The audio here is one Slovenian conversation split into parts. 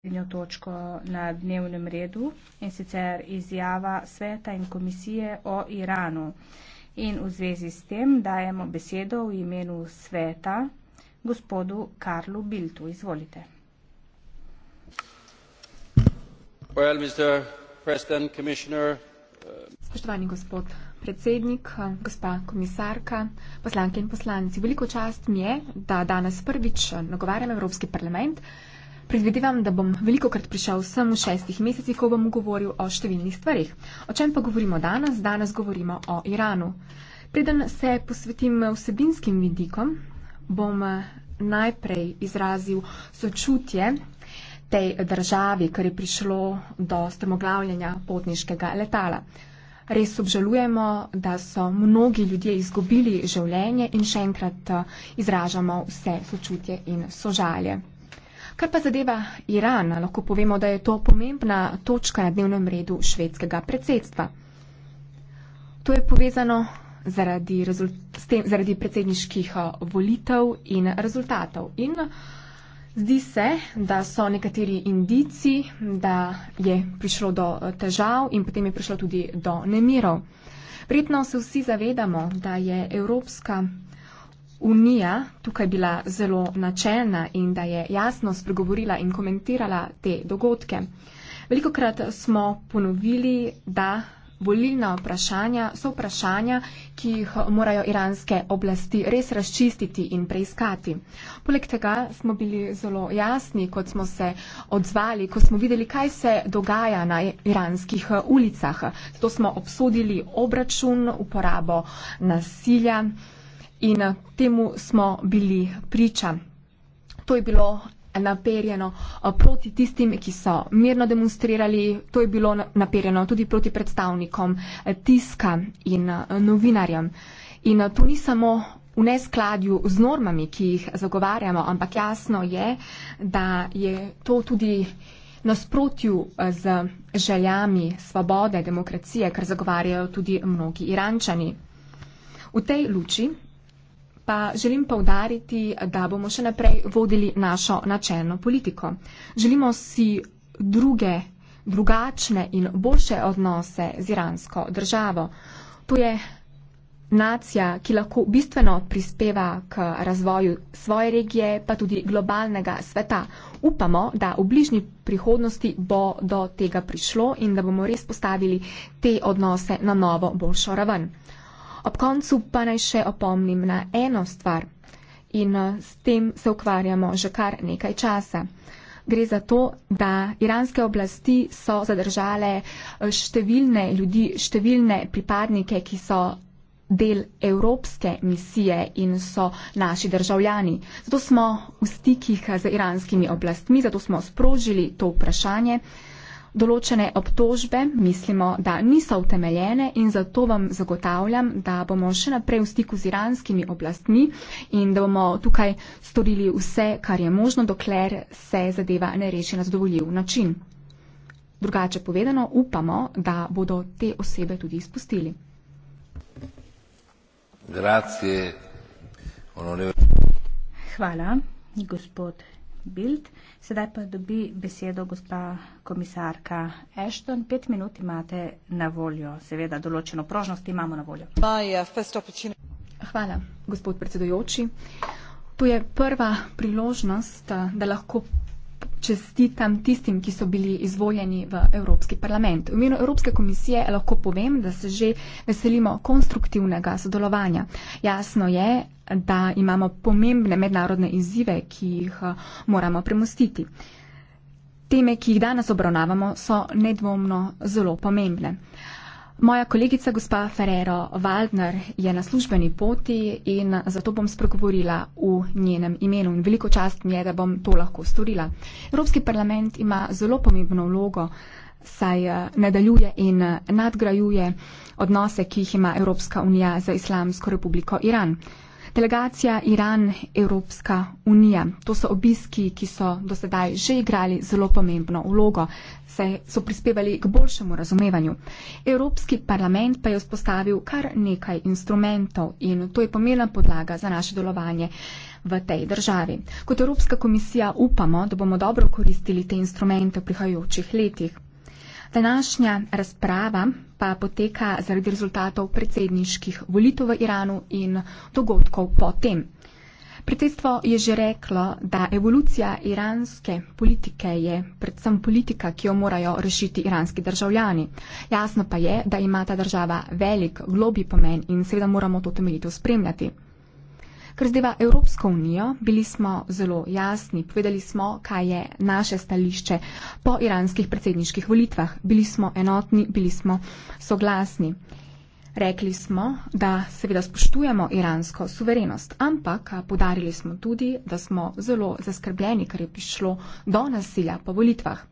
osrednjo točko na dnevnem redu in sicer izjava sveta in komisije o Iranu. In v zvezi s tem dajemo besedo v imenu sveta gospodu Karlu Biltu. Izvolite. Well, uh, Spoštovani gospod predsednik, gospa komisarka, poslanke in poslanci, veliko čast mi je, da danes prvič nagovarjam Evropski parlament Predvidevam, da bom veliko krat prišel sem v šestih mesecih, ko bom govoril o številnih stvarih. O čem pa govorimo danes? Danes govorimo o Iranu. Preden se posvetim vsebinskim vidikom, bom najprej izrazil sočutje tej državi, kar je prišlo do strmoglavljanja potniškega letala. Res obžalujemo, da so mnogi ljudje izgubili življenje in še enkrat izražamo vse sočutje in sožalje. Kar pa zadeva Iran, lahko povemo, da je to pomembna točka na dnevnem redu švedskega predsedstva. To je povezano zaradi, tem, zaradi predsedniških eh, volitev in rezultatov. In eh, zdi se, da so nekateri indici, da je prišlo do eh, težav in potem je prišlo tudi do nemirov. Prijetno se vsi zavedamo, da je Evropska unija tukaj bila zelo načelna in da je jasno spregovorila in komentirala te dogodke. Velikokrat smo ponovili, da volilna vprašanja so vprašanja, ki jih morajo iranske oblasti res razčistiti in preiskati. Poleg tega smo bili zelo jasni, kot smo se odzvali, ko smo videli, kaj se dogaja na iranskih ulicah. Zato smo obsodili obračun, uporabo nasilja in eh, temu smo bili priča. To je bilo naperjeno eh, proti tistim, ki so mirno demonstrirali, to je bilo naperjeno tudi proti predstavnikom eh, tiska in novinarjem. In to ni samo v neskladju z normami, ki jih zagovarjamo, ampak jasno je, da je to tudi nasprotju z željami svobode, demokracije, kar zagovarjajo tudi mnogi Irančani. V tej luči pa želim povdariti, da bomo še naprej vodili našo načelno politiko. Želimo si druge, drugačne in boljše odnose z iransko državo. To je nacija, ki lahko bistveno prispeva k razvoju svoje regije, pa tudi globalnega sveta. Upamo, da v bližnji prihodnosti bo do tega prišlo in da bomo res postavili te odnose na novo boljšo raven. Ob koncu pa naj še opomnim na eno stvar in eh, s tem se ukvarjamo že kar nekaj časa. Gre za to, da iranske oblasti so zadržale eh, številne ljudi, številne pripadnike, ki so del evropske misije in so naši državljani. Zato smo v stikih eh, z iranskimi oblastmi, zato smo sprožili to vprašanje določene obtožbe mislimo, da niso utemeljene in zato vam zagotavljam, da bomo še naprej v stiku z iranskimi oblastmi in da bomo tukaj storili vse, kar je možno, dokler se zadeva ne reši na zadovoljiv način. Drugače povedano, upamo, da bodo te osebe tudi izpustili. Grazie, Hvala, gospod Bild. Sedaj pa dobi besedo gospa komisarka Ashton. Pet minut imate na voljo. Seveda, določeno prožnost imamo na voljo. Uh, Hvala, gospod predsedujoči. To je prva priložnost, uh, da lahko čestitam tistim, ki so bili izvoljeni v Evropski parlament. V imenu Evropske komisije lahko povem, da se že veselimo konstruktivnega sodelovanja. Jasno je, da imamo pomembne mednarodne izzive, ki jih eh, moramo premustiti. Teme, ki jih danes obravnavamo, so nedvomno zelo pomembne. Moja kolegica, gospa Ferrero Waldner, je na službeni poti in zato bom spregovorila v njenem imenu. In veliko čast mi je, da bom to lahko storila. Evropski parlament ima zelo pomembno vlogo, saj eh, nadaljuje in eh, nadgrajuje odnose, ki jih ima Evropska unija za Islamsko republiko Iran. Delegacija Iran, Evropska unija. To so obiski, ki so do sedaj že igrali zelo pomembno vlogo, saj so prispevali k boljšemu razumevanju. Evropski parlament pa je vzpostavil kar nekaj instrumentov in to je pomena podlaga za naše delovanje v tej državi. Kot Evropska komisija upamo, da bomo dobro koristili te instrumente v prihajajočih letih. Današnja razprava pa poteka zaradi rezultatov predsedniških volitev v Iranu in dogodkov potem. Predsedstvo je že reklo, da evolucija iranske politike je predvsem politika, ki jo morajo rešiti iranski državljani. Jasno pa je, da ima ta država velik globi pomen in seveda moramo to temeljito spremljati. Kar zdaj pa Evropsko unijo, bili smo zelo jasni, povedali smo, kaj je naše stališče po iranskih predsedniških volitvah. Bili smo enotni, bili smo soglasni. Rekli smo, da seveda spoštujemo iransko suverenost, ampak podarili smo tudi, da smo zelo zaskrbljeni, ker je prišlo do nasilja po volitvah.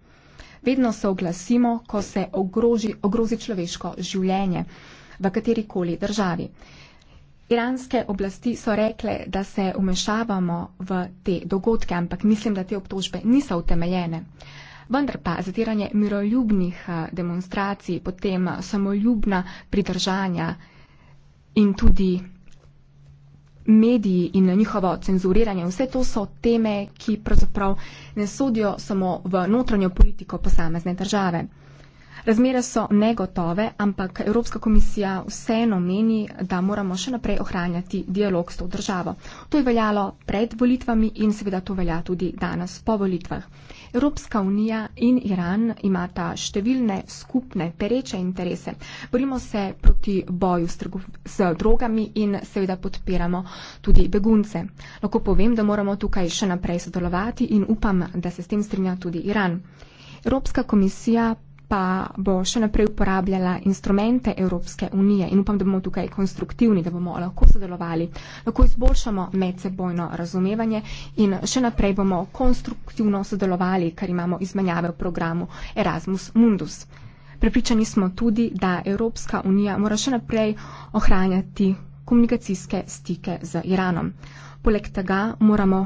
Vedno se oglasimo, ko se ogroži, ogrozi človeško življenje v katerikoli državi. Iranske oblasti so rekle, da se umešavamo v te dogodke, ampak mislim, da te obtožbe niso utemeljene. Vendar pa zatiranje miroljubnih eh, demonstracij, potem samoljubna pridržanja in tudi mediji in njihovo cenzuriranje, vse to so teme, ki pravzaprav ne sodijo samo v notranjo politiko posamezne države. Razmere so negotove, ampak Evropska komisija vseeno meni, da moramo še naprej ohranjati dialog s to državo. To je veljalo pred volitvami in seveda to velja tudi danes po volitvah. Evropska unija in Iran imata številne skupne pereče interese. Borimo se proti boju s, trgu, s drogami in seveda podpiramo tudi begunce. Lahko povem, da moramo tukaj še naprej sodelovati in upam, da se s tem strinja tudi Iran. Evropska komisija pa bo še naprej uporabljala instrumente Evropske unije in upam, da bomo tukaj konstruktivni, da bomo lahko sodelovali, lahko izboljšamo medsebojno razumevanje in še naprej bomo konstruktivno sodelovali, kar imamo izmenjave v programu Erasmus Mundus. Prepričani smo tudi, da Evropska unija mora še naprej ohranjati komunikacijske stike z Iranom. Poleg tega moramo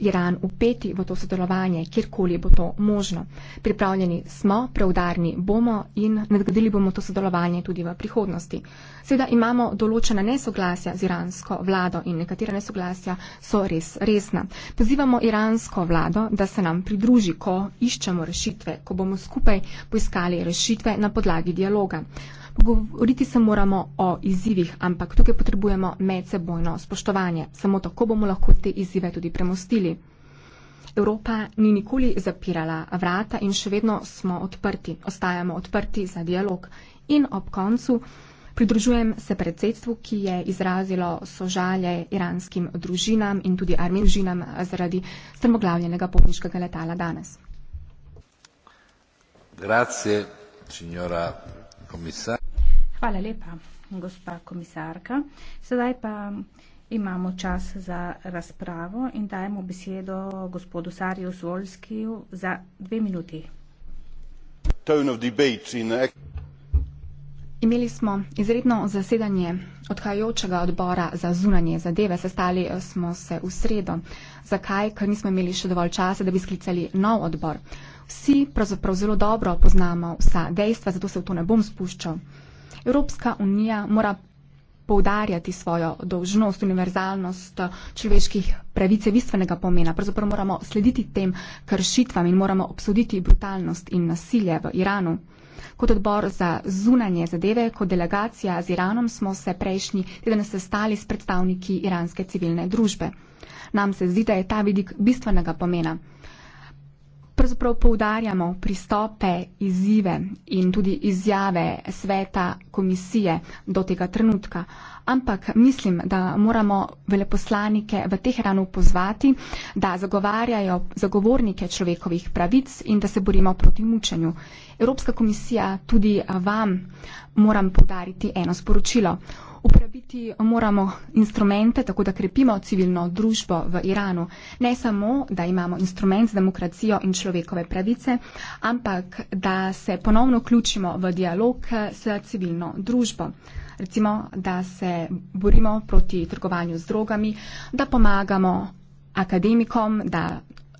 Iran upeti v to sodelovanje, kjerkoli bo to možno. Pripravljeni smo, preudarni bomo in nadgradili bomo to sodelovanje tudi v prihodnosti. Seveda imamo določena nesoglasja z iransko vlado in nekatera nesoglasja so res resna. Pozivamo iransko vlado, da se nam pridruži, ko iščemo rešitve, ko bomo skupaj poiskali rešitve na podlagi dialoga. Govoriti se moramo o izzivih, ampak tukaj potrebujemo medsebojno spoštovanje. Samo tako bomo lahko te izzive tudi premostili. Evropa ni nikoli zapirala vrata in še vedno smo odprti. Ostajamo odprti za dialog. In ob koncu pridružujem se predsedstvu, ki je izrazilo sožalje iranskim družinam in tudi armijskim družinam zaradi strmoglavljenega potniškega letala danes. Grazie, signora komisar. Hvala lepa, gospa komisarka. Sedaj pa imamo čas za razpravo in dajemo besedo gospodu Sarju Zvolskiju za dve minuti. Imeli smo izredno zasedanje odhajajočega odbora za zunanje zadeve. Sestali eh, smo se v sredo. Zakaj? Ker nismo imeli še dovolj časa, da bi sklicali nov odbor. Vsi pravzaprav zelo dobro poznamo vsa dejstva, zato se v to ne bom spuščal. Evropska unija mora poudarjati svojo dolžnost, univerzalnost človeških pravic bistvenega pomena. Pravzaprav moramo slediti tem kršitvam in moramo obsoditi brutalnost in nasilje v Iranu. Kot odbor za zunanje zadeve, kot delegacija z Iranom smo se prejšnji teden sestali s predstavniki iranske civilne družbe. Nam se zdi, da je ta vidik bistvenega pomena pravzaprav poudarjamo pristope, izzive in tudi izjave sveta komisije do tega trenutka. Ampak mislim, da moramo veleposlanike v Teheranu pozvati, da zagovarjajo zagovornike človekovih pravic in da se borimo proti mučenju. Evropska komisija, tudi vam moram podariti eno sporočilo. Uporabiti moramo instrumente, tako da krepimo civilno družbo v Iranu. Ne samo, da imamo instrument za demokracijo in človekove pravice, ampak da se ponovno vključimo v dialog s civilno družbo. Recimo, da se borimo proti trgovanju z drogami, da pomagamo akademikom, da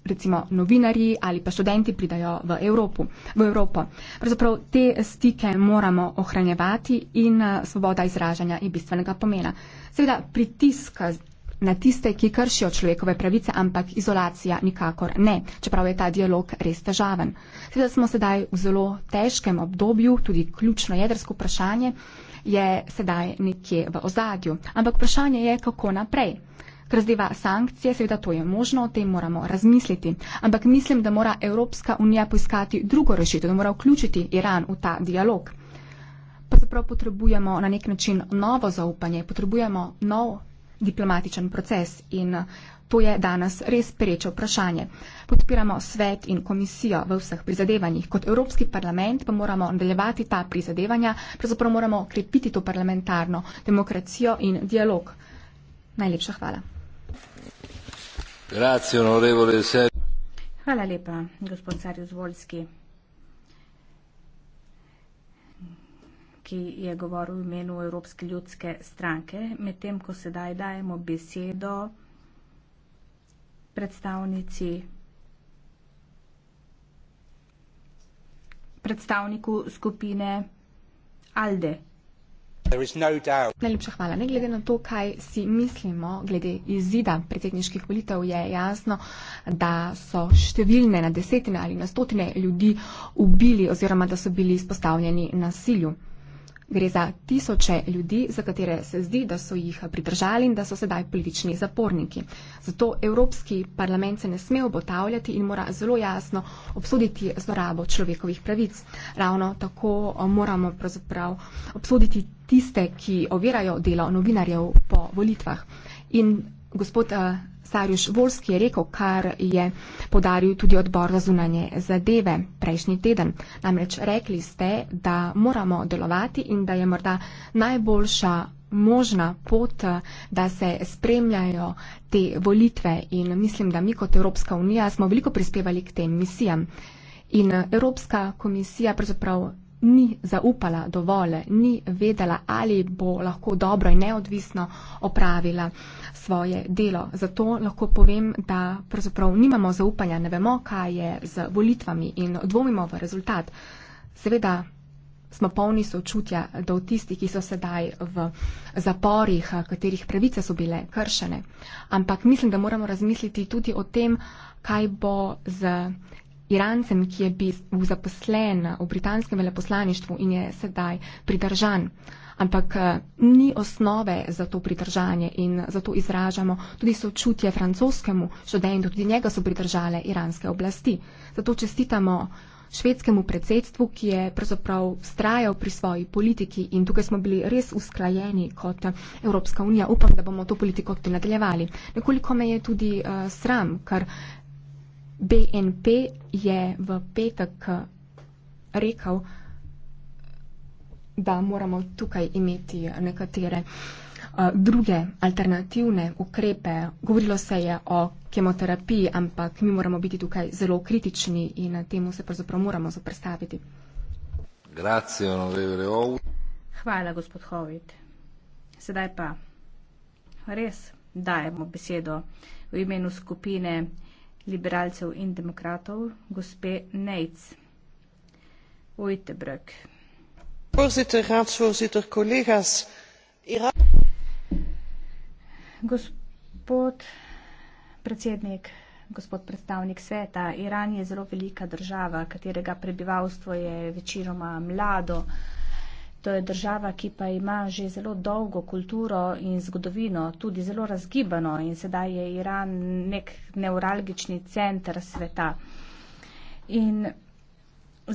recimo novinarji ali pa študenti pridajo v Evropo. V Evropo. Pravzaprav te stike moramo ohranjevati in eh, svoboda izražanja je bistvenega pomena. Seveda pritisk eh, na tiste, ki kršijo človekove pravice, ampak izolacija nikakor ne, čeprav je ta dialog res težaven. Seveda smo sedaj v zelo težkem obdobju, tudi ključno jedrsko vprašanje je sedaj nekje v ozadju. Ampak vprašanje je, kako naprej kar zadeva sankcije, seveda to je možno, o tem moramo razmisliti. Ampak mislim, da mora Evropska unija poiskati drugo rešitev, da mora vključiti Iran v ta dialog. Pa zaprav potrebujemo na nek način novo zaupanje, potrebujemo nov diplomatičen proces in to je danes res prečo vprašanje. Podpiramo svet in komisijo v vseh prizadevanjih. Kot Evropski parlament pa moramo nadaljevati ta prizadevanja, pravzaprav moramo krepiti to parlamentarno demokracijo in dialog. Najlepša hvala. Hvala lepa, gospod Sarjozvolski, ki je govoril v imenu Evropske ljudske stranke, medtem ko sedaj dajemo besedo predstavnici, predstavniku skupine ALDE. No Najlepša hvala. Ne glede na to, kaj si mislimo glede izida predsedniških volitev, je jasno, da so številne na desetine ali na stotine ljudi ubili oziroma da so bili izpostavljeni nasilju. Gre za tisoče ljudi, za katere se zdi, da so jih pridržali in da so sedaj politični zaporniki. Zato Evropski parlament se ne sme obotavljati in mora zelo jasno obsoditi zlorabo človekovih pravic. Ravno tako eh, moramo pravzaprav obsoditi tiste, ki ovirajo delo novinarjev po volitvah. In gospod eh, Sarjuš Volski je rekel, kar je podaril tudi odbor za zunanje zadeve prejšnji teden. Namreč rekli ste, da moramo delovati in da je morda najboljša možna pot, da se spremljajo te volitve in mislim, da mi kot Evropska unija smo veliko prispevali k tem misijam. In Evropska komisija pravzaprav ni zaupala dovolj, ni vedela, ali bo lahko dobro in neodvisno opravila svoje delo. Zato lahko povem, da pravzaprav nimamo zaupanja, ne vemo, kaj je z volitvami in dvomimo v rezultat. Seveda smo polni sočutja do tistih, ki so sedaj v zaporih, katerih pravice so bile kršene. Ampak mislim, da moramo razmisliti tudi o tem, kaj bo z Irancem, ki je bil zaposlen v britanskem veleposlaništvu in je sedaj pridržan. Ampak eh, ni osnove za to pridržanje in zato izražamo tudi sočutje francoskemu študentu, tudi njega so pridržale iranske oblasti. Zato čestitamo švedskemu predsedstvu, ki je pravzaprav vztrajal pri svoji politiki in tukaj smo bili res usklajeni kot Evropska unija. Upam, da bomo to politiko tudi nadaljevali. Nekoliko me je tudi uh, sram, ker uh, BNP je v petek rekel, da moramo tukaj imeti nekatere eh, druge alternativne ukrepe. Govorilo se je o kemoterapiji, ampak mi moramo biti tukaj zelo kritični in temu se pravzaprav moramo zaprstaviti. Hvala, gospod Hovit. Sedaj pa res dajemo besedo v imenu skupine liberalcev in demokratov, gospe Neitz. Ojte, Brek. Voorzitter, raadsvoorzitter, collega's. Iran... Gospod predsednik, gospod predstavnik sveta, Iran je zelo velika država, katerega prebivalstvo je večinoma mlado. To je država, ki pa ima že zelo dolgo kulturo in zgodovino, tudi zelo razgibano in sedaj je Iran nek neuralgični center sveta. In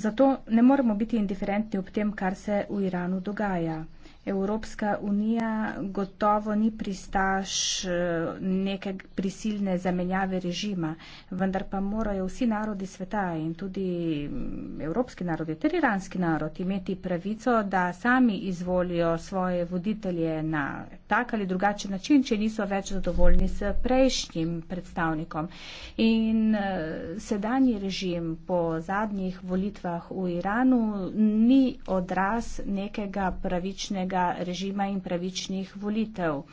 zato ne moremo biti indiferentni ob tem, kar se v Iranu dogaja. Evropska unija gotovo ni pristaš eh, neke prisilne zamenjave režima, vendar pa morajo vsi narodi sveta in tudi mm, evropski narodi ter iranski narod imeti pravico, da sami izvolijo svoje voditelje na tak ali drugačen način, če niso več zadovoljni s prejšnjim predstavnikom. In eh, sedanji režim po zadnjih volitvah v Iranu ni odraz nekega pravičnega demokratičnega režima in pravičnih volitev.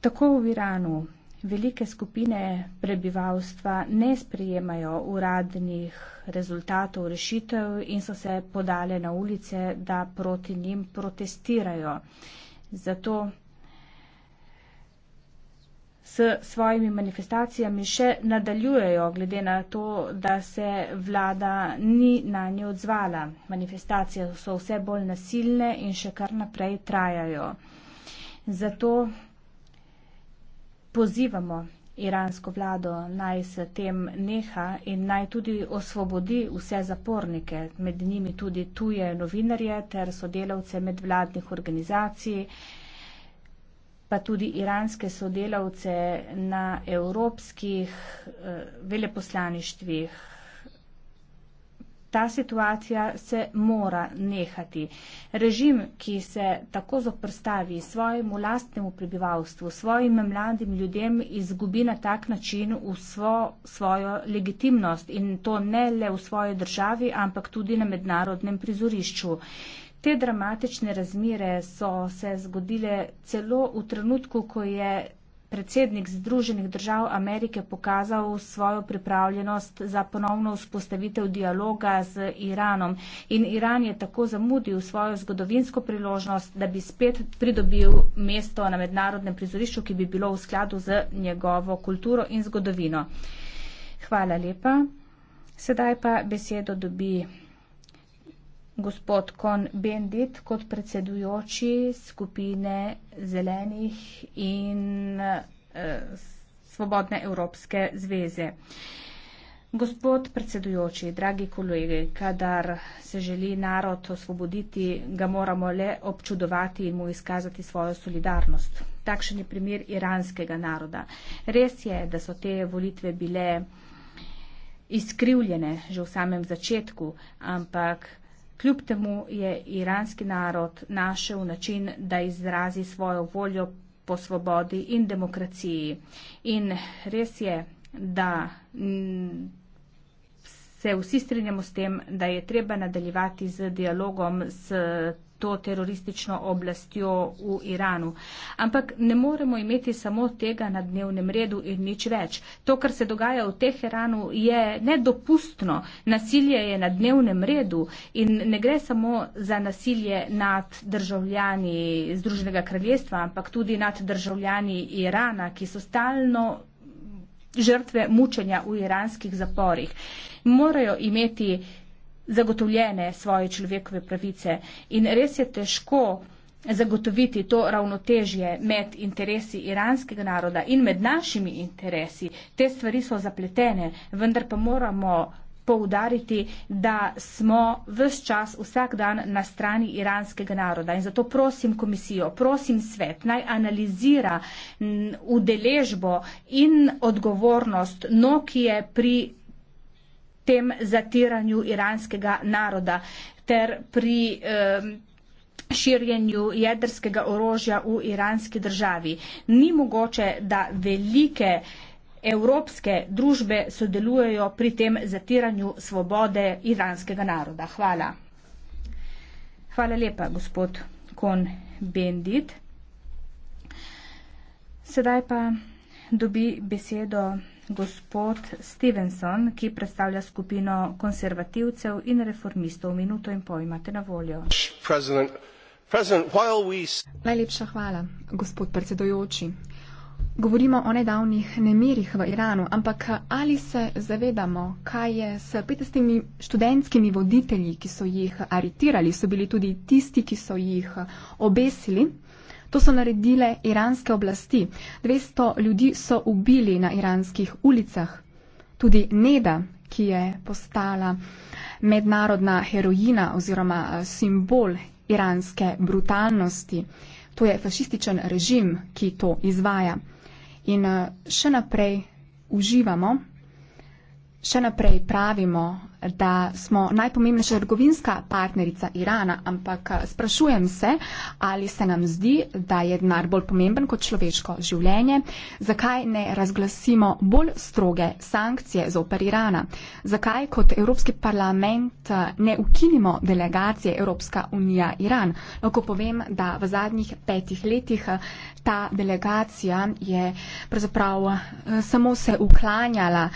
Tako v Iranu velike skupine prebivalstva ne sprejemajo uradnih rezultatov rešitev in so se podale na ulice, da proti njim protestirajo. Zato s svojimi manifestacijami še nadaljujejo, glede na to, da se vlada ni na nje odzvala. Manifestacije so vse bolj nasilne in še kar naprej trajajo. Zato pozivamo iransko vlado naj s tem neha in naj tudi osvobodi vse zapornike, med njimi tudi tuje novinarje ter sodelavce medvladnih organizacij pa tudi iranske sodelavce na evropskih eh, veleposlaništvih. Ta situacija se mora nehati. Režim, ki se tako zoprstavi svojemu lastnemu prebivalstvu, svojim mladim ljudem, izgubi na tak način vso svojo legitimnost in to ne le v svoji državi, ampak tudi na mednarodnem prizorišču. Te dramatične razmere so se zgodile celo v trenutku, ko je predsednik Združenih držav Amerike pokazal svojo pripravljenost za ponovno vzpostavitev dialoga z Iranom. In Iran je tako zamudil svojo zgodovinsko priložnost, da bi spet pridobil mesto na mednarodnem prizorišču, ki bi bilo v skladu z njegovo kulturo in zgodovino. Hvala lepa. Sedaj pa besedo dobi gospod Kon Bendit kot predsedujoči skupine zelenih in eh, Svobodne Evropske zveze. Gospod predsedujoči, dragi kolegi, kadar se želi narod osvoboditi, ga moramo le občudovati in mu izkazati svojo solidarnost. Takšen je primer iranskega naroda. Res je, da so te volitve bile izkrivljene že v samem začetku, ampak Kljub temu je iranski narod našel način, da izrazi svojo voljo po svobodi in demokraciji. In res je, da mm, se vsi strinjamo s tem, da je treba nadaljevati z dialogom s to teroristično oblastjo v Iranu. Ampak ne moremo imeti samo tega na dnevnem redu in nič več. To, kar se dogaja v Teheranu, je nedopustno. Nasilje je na dnevnem redu in ne gre samo za nasilje nad državljani Združenega kraljestva, ampak tudi nad državljani Irana, ki so stalno žrtve mučenja v iranskih zaporih. Morajo imeti zagotovljene svoje človekove pravice. In res je težko zagotoviti to ravnotežje med interesi iranskega naroda in med našimi interesi. Te stvari so zapletene, vendar pa moramo poudariti, da smo vse čas, vsak dan na strani iranskega naroda. In zato prosim komisijo, prosim svet, naj analizira udeležbo in odgovornost Nokije pri tem zatiranju iranskega naroda ter pri eh, širjenju jedrskega orožja v iranski državi. Ni mogoče, da velike evropske družbe sodelujejo pri tem zatiranju svobode iranskega naroda. Hvala. Hvala lepa, gospod Kon Bendit. Sedaj pa dobi besedo gospod Stevenson, ki predstavlja skupino konservativcev in reformistov. Minuto in pol imate na voljo. President, President, we... Najlepša hvala, gospod predsedojoči. Govorimo o nedavnih nemirih v Iranu, ampak ali se zavedamo, kaj je s 15 študentskimi voditelji, ki so jih aretirali, so bili tudi tisti, ki so jih obesili? To so naredile iranske oblasti. 200 ljudi so ubili na iranskih ulicah. Tudi Neda, ki je postala mednarodna heroina oziroma eh, simbol iranske brutalnosti. To je fašističen režim, ki to izvaja. In eh, še naprej uživamo, še naprej pravimo da smo najpomembnejša trgovinska partnerica Irana, ampak eh, sprašujem se, ali se nam zdi, da je denar bolj pomemben kot človeško življenje, zakaj ne razglasimo bolj stroge sankcije z opar Irana, zakaj kot Evropski parlament eh, ne ukinimo delegacije Evropska unija Iran. Lahko povem, da v zadnjih petih letih eh, ta delegacija je pravzaprav samo se uklanjala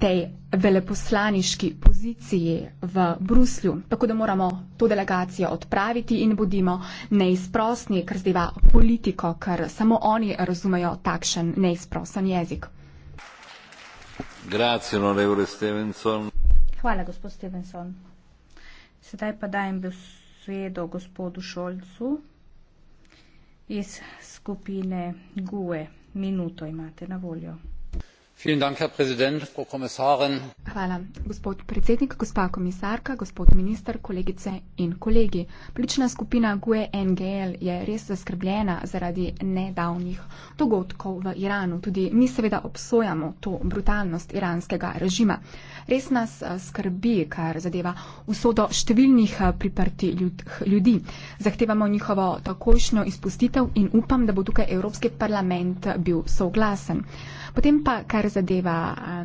tej veleposlaniški poziciji v Bruslju. Tako da moramo to delegacijo odpraviti in bodimo neizprosni, ker zdiva politiko, ker samo oni razumejo takšen neizprosen jezik. Hvala, gospod Stevenson. Sedaj pa dajem besedo gospodu Šolcu iz skupine GUE. Minuto imate na voljo herr präsident frau kommissarin hvala gospod predsednik gospa komisarka gospod minister kolegice in kolegi politična skupina gue ngl je res zaskrbljena zaradi nedavnih dogodkov v iranu tudi mi seveda obsojamo to brutalnost iranskega režima res nas eh, skrbi kar zadeva usodo številnih eh, priprti ljudi zahtevamo njihovo takojšnjo izpustitev in upam da bo tukaj evropski parlament bil soglasen Potem pa, kar zadeva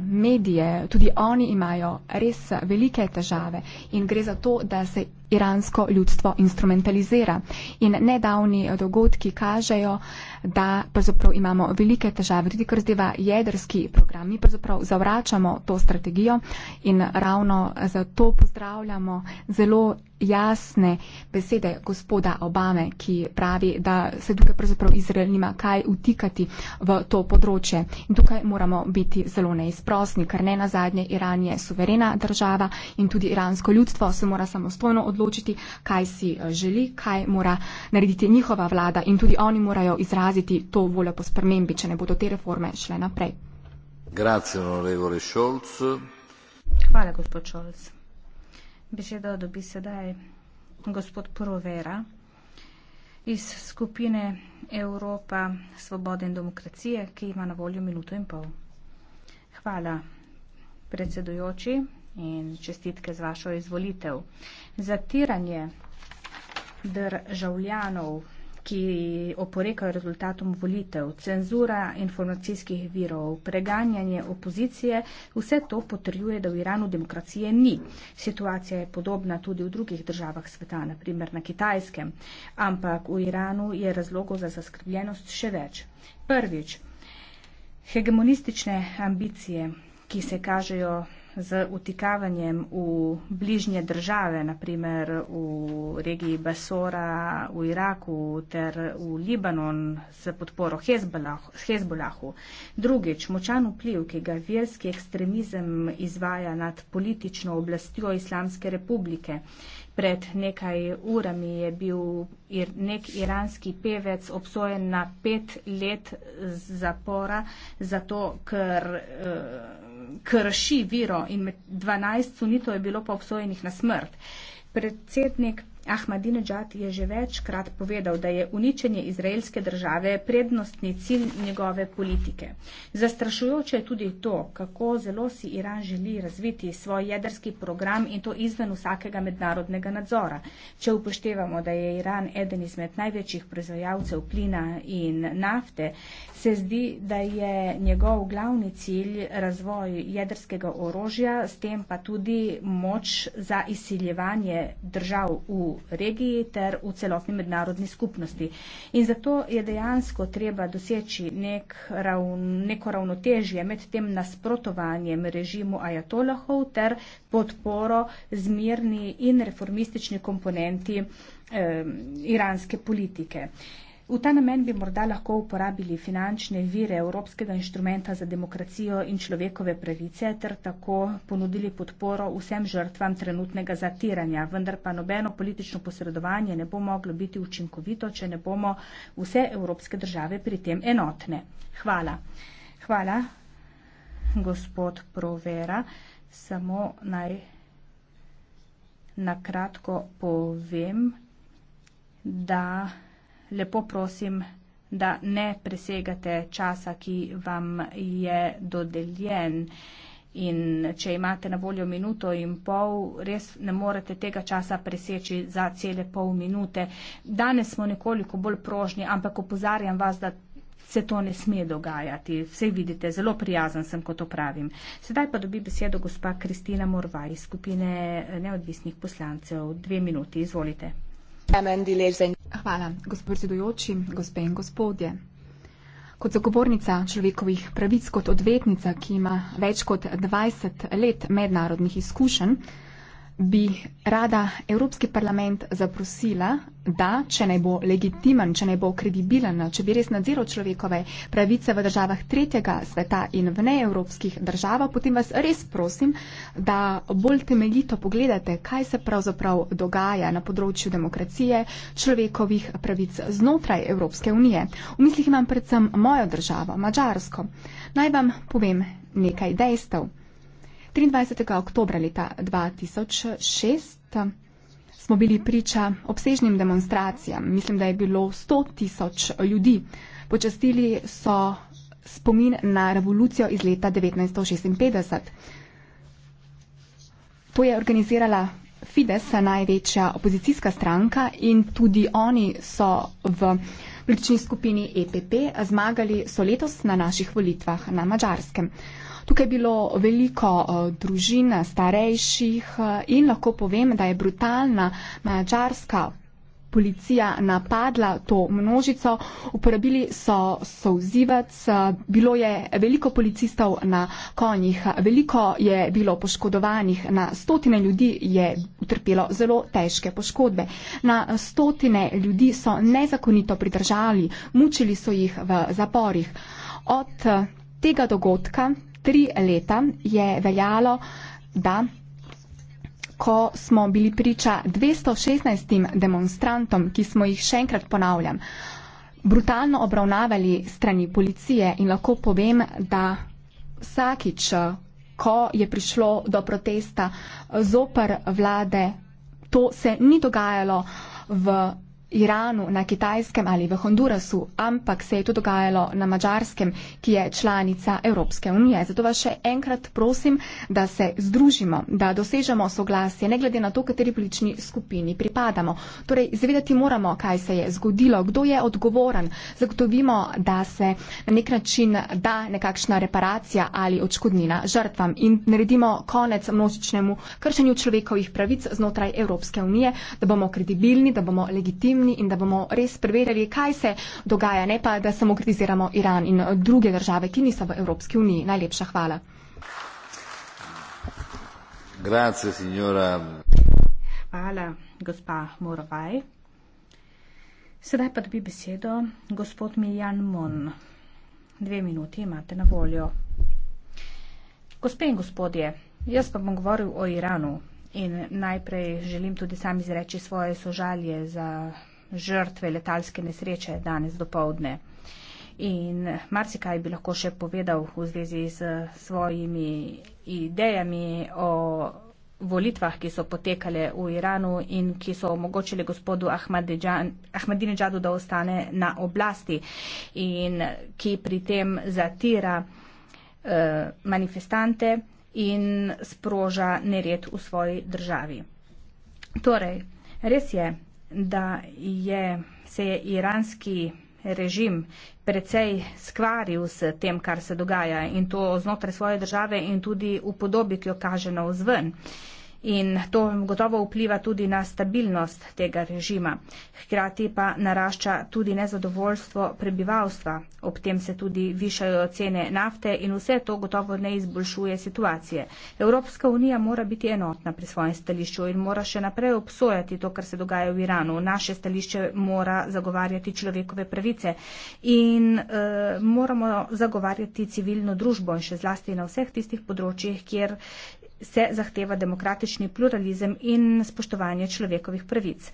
medije, tudi oni imajo res velike težave in gre za to, da se iransko ljudstvo instrumentalizira. In nedavni dogodki kažejo, da pravzaprav imamo velike težave, tudi kar zdeva jedrski program. Mi pravzaprav zavračamo to strategijo in ravno zato pozdravljamo zelo jasne besede gospoda Obame, ki pravi, da se tukaj pravzaprav Izrael nima kaj utikati v to področje. In tukaj moramo biti zelo neizprosni, ker ne nazadnje Iran je suverena država in tudi iransko ljudstvo se mora samostojno odločiti odločiti, kaj si eh, želi, kaj mora narediti njihova vlada in tudi oni morajo izraziti to voljo po spremembi, če ne bodo te reforme šle naprej. Grazie, onorevole Scholz. Hvala, gospod Scholz. Besedo dobi sedaj gospod Provera iz skupine Evropa Svobode in demokracije, ki ima na voljo minuto in pol. Hvala, predsedujoči, in čestitke z vašo izvolitev. Zatiranje državljanov, ki oporekajo rezultatom volitev, cenzura informacijskih virov, preganjanje opozicije, vse to potrjuje, da v Iranu demokracije ni. Situacija je podobna tudi v drugih državah sveta, naprimer na Kitajskem, ampak v Iranu je razlogov za zaskrbljenost še več. Prvič, hegemonistične ambicije, ki se kažejo z utikavanjem v bližnje države, naprimer v regiji Basora v Iraku ter v Libanon s podporo Hezbolahu. Drugič, močan vpliv, ki ga verski ekstremizem izvaja nad politično oblastjo Islamske republike. Pred nekaj urami je bil nek iranski pevec obsojen na pet let zapora, zato ker. Uh, krši viro in med 12 sunitov je bilo pa obsojenih na smrt. Predsednik Ahmadinejad je že večkrat povedal, da je uničenje izraelske države prednostni cilj njegove politike. Zastrašujoče je tudi to, kako zelo si Iran želi razviti svoj jedrski program in to izven vsakega mednarodnega nadzora. Če upoštevamo, da je Iran eden izmed največjih proizvajalcev plina in nafte, se zdi, da je njegov glavni cilj razvoj jedrskega orožja, s tem pa tudi moč za izsiljevanje držav v regiji ter v celotni mednarodni skupnosti. In zato je dejansko treba doseči nek rav, neko ravnotežje med tem nasprotovanjem režimu ajatolahov ter podporo zmirni in reformistični komponenti eh, iranske politike. Eh, V ta namen bi morda lahko uporabili finančne vire Evropskega inštrumenta za demokracijo in človekove pravice ter tako ponudili podporo vsem žrtvam trenutnega zatiranja. Vendar pa nobeno politično posredovanje ne bo moglo biti učinkovito, če ne bomo vse evropske države pri tem enotne. Hvala. Hvala, gospod Provera. Samo naj nakratko povem, da lepo prosim, da ne presegate časa, ki vam je dodeljen. In če imate na voljo minuto in pol, res ne morete tega časa preseči za cele pol minute. Danes smo nekoliko bolj prožni, ampak opozarjam vas, da se to ne sme dogajati. Vse vidite, zelo prijazen sem, ko to pravim. Sedaj pa dobi besedo gospa Kristina Morvaj iz skupine neodvisnih poslancev. Dve minuti, izvolite. Hvala, gospod predsedujoči, gospe in gospodje. Kot zagovornica človekovih pravic, kot odvetnica, ki ima več kot 20 let mednarodnih izkušenj, bi rada Evropski parlament zaprosila, da če naj bo legitimen, če naj bo kredibilen, če bi res nadziral človekove pravice v državah tretjega sveta in v neevropskih državah, potem vas res prosim, da bolj temeljito pogledate, kaj se pravzaprav dogaja na področju demokracije, človekovih pravic znotraj Evropske unije. V mislih imam predvsem mojo državo, Mačarsko. Naj vam povem nekaj dejstev. 23. oktobra leta 2006 smo bili priča obsežnim demonstracijam. Mislim, da je bilo 100 tisoč ljudi. Počastili so spomin na revolucijo iz leta 1956. To je organizirala Fides, največja opozicijska stranka in tudi oni so v politični skupini EPP zmagali so letos na naših volitvah na Mačarskem. Tukaj je bilo veliko uh, družin, starejših uh, in lahko povem, da je brutalna mačarska. Policija napadla to množico, uporabili so souzivac, eh, bilo je veliko policistov na konjih, veliko je bilo poškodovanih, na stotine ljudi je utrpelo zelo težke poškodbe. Na stotine ljudi so nezakonito pridržali, mučili so jih v zaporih. Od tega dogodka tri leta je veljalo, da ko smo bili priča 216 demonstrantom, ki smo jih še enkrat ponavljam, brutalno obravnavali strani policije in lahko povem, da vsakič, ko je prišlo do protesta zoper vlade, to se ni dogajalo v Iranu, na Kitajskem ali v Hondurasu, ampak se je to dogajalo na Mačarskem, ki je članica Evropske unije. Zato vas še enkrat prosim, da se združimo, da dosežemo soglasje, ne glede na to, kateri politični skupini pripadamo. Torej, zavedati moramo, kaj se je zgodilo, kdo je odgovoren. Zagotovimo, da se na nek način da nekakšna reparacija ali odškodnina žrtvam in naredimo konec množičnemu kršenju človekovih pravic znotraj Evropske unije, da bomo kredibilni, da bomo legitimni pomembni in da bomo res preverjali, kaj se dogaja, ne pa, da samo kritiziramo Iran in eh, druge države, ki niso v Evropski uniji. Najlepša hvala. Grazie, hvala, gospa Moravaj. Sedaj pa dobi besedo gospod Miljan Mon. Dve minuti imate na voljo. Gospe in gospodje, jaz pa bom govoril o Iranu in najprej želim tudi sam izreči svoje sožalje za žrtve letalske nesreče danes dopoledne. In marsikaj bi lahko še povedal v zvezi s svojimi idejami o volitvah, ki so potekale v Iranu in ki so omogočili gospodu Ahmadinejadu, da ostane na oblasti in ki pri tem zatira eh, manifestante in sproža nered v svoji državi. Torej, res je, da je, se je iranski režim precej skvaril s tem, kar se dogaja in to znotraj svoje države in tudi v podobi, ki jo kaže na vzven. Uh, in to gotovo vpliva tudi na stabilnost tega režima. Hkrati pa narašča tudi nezadovoljstvo prebivalstva. Ob tem se tudi višajo cene nafte in vse to gotovo ne izboljšuje situacije. Evropska unija mora biti enotna pri svojem stališču in mora še naprej obsojati to, kar se dogaja v Iranu. Naše stališče mora zagovarjati človekove pravice in e, moramo zagovarjati civilno družbo in še zlasti na vseh tistih področjih, kjer se zahteva demokratični pluralizem in spoštovanje človekovih pravic.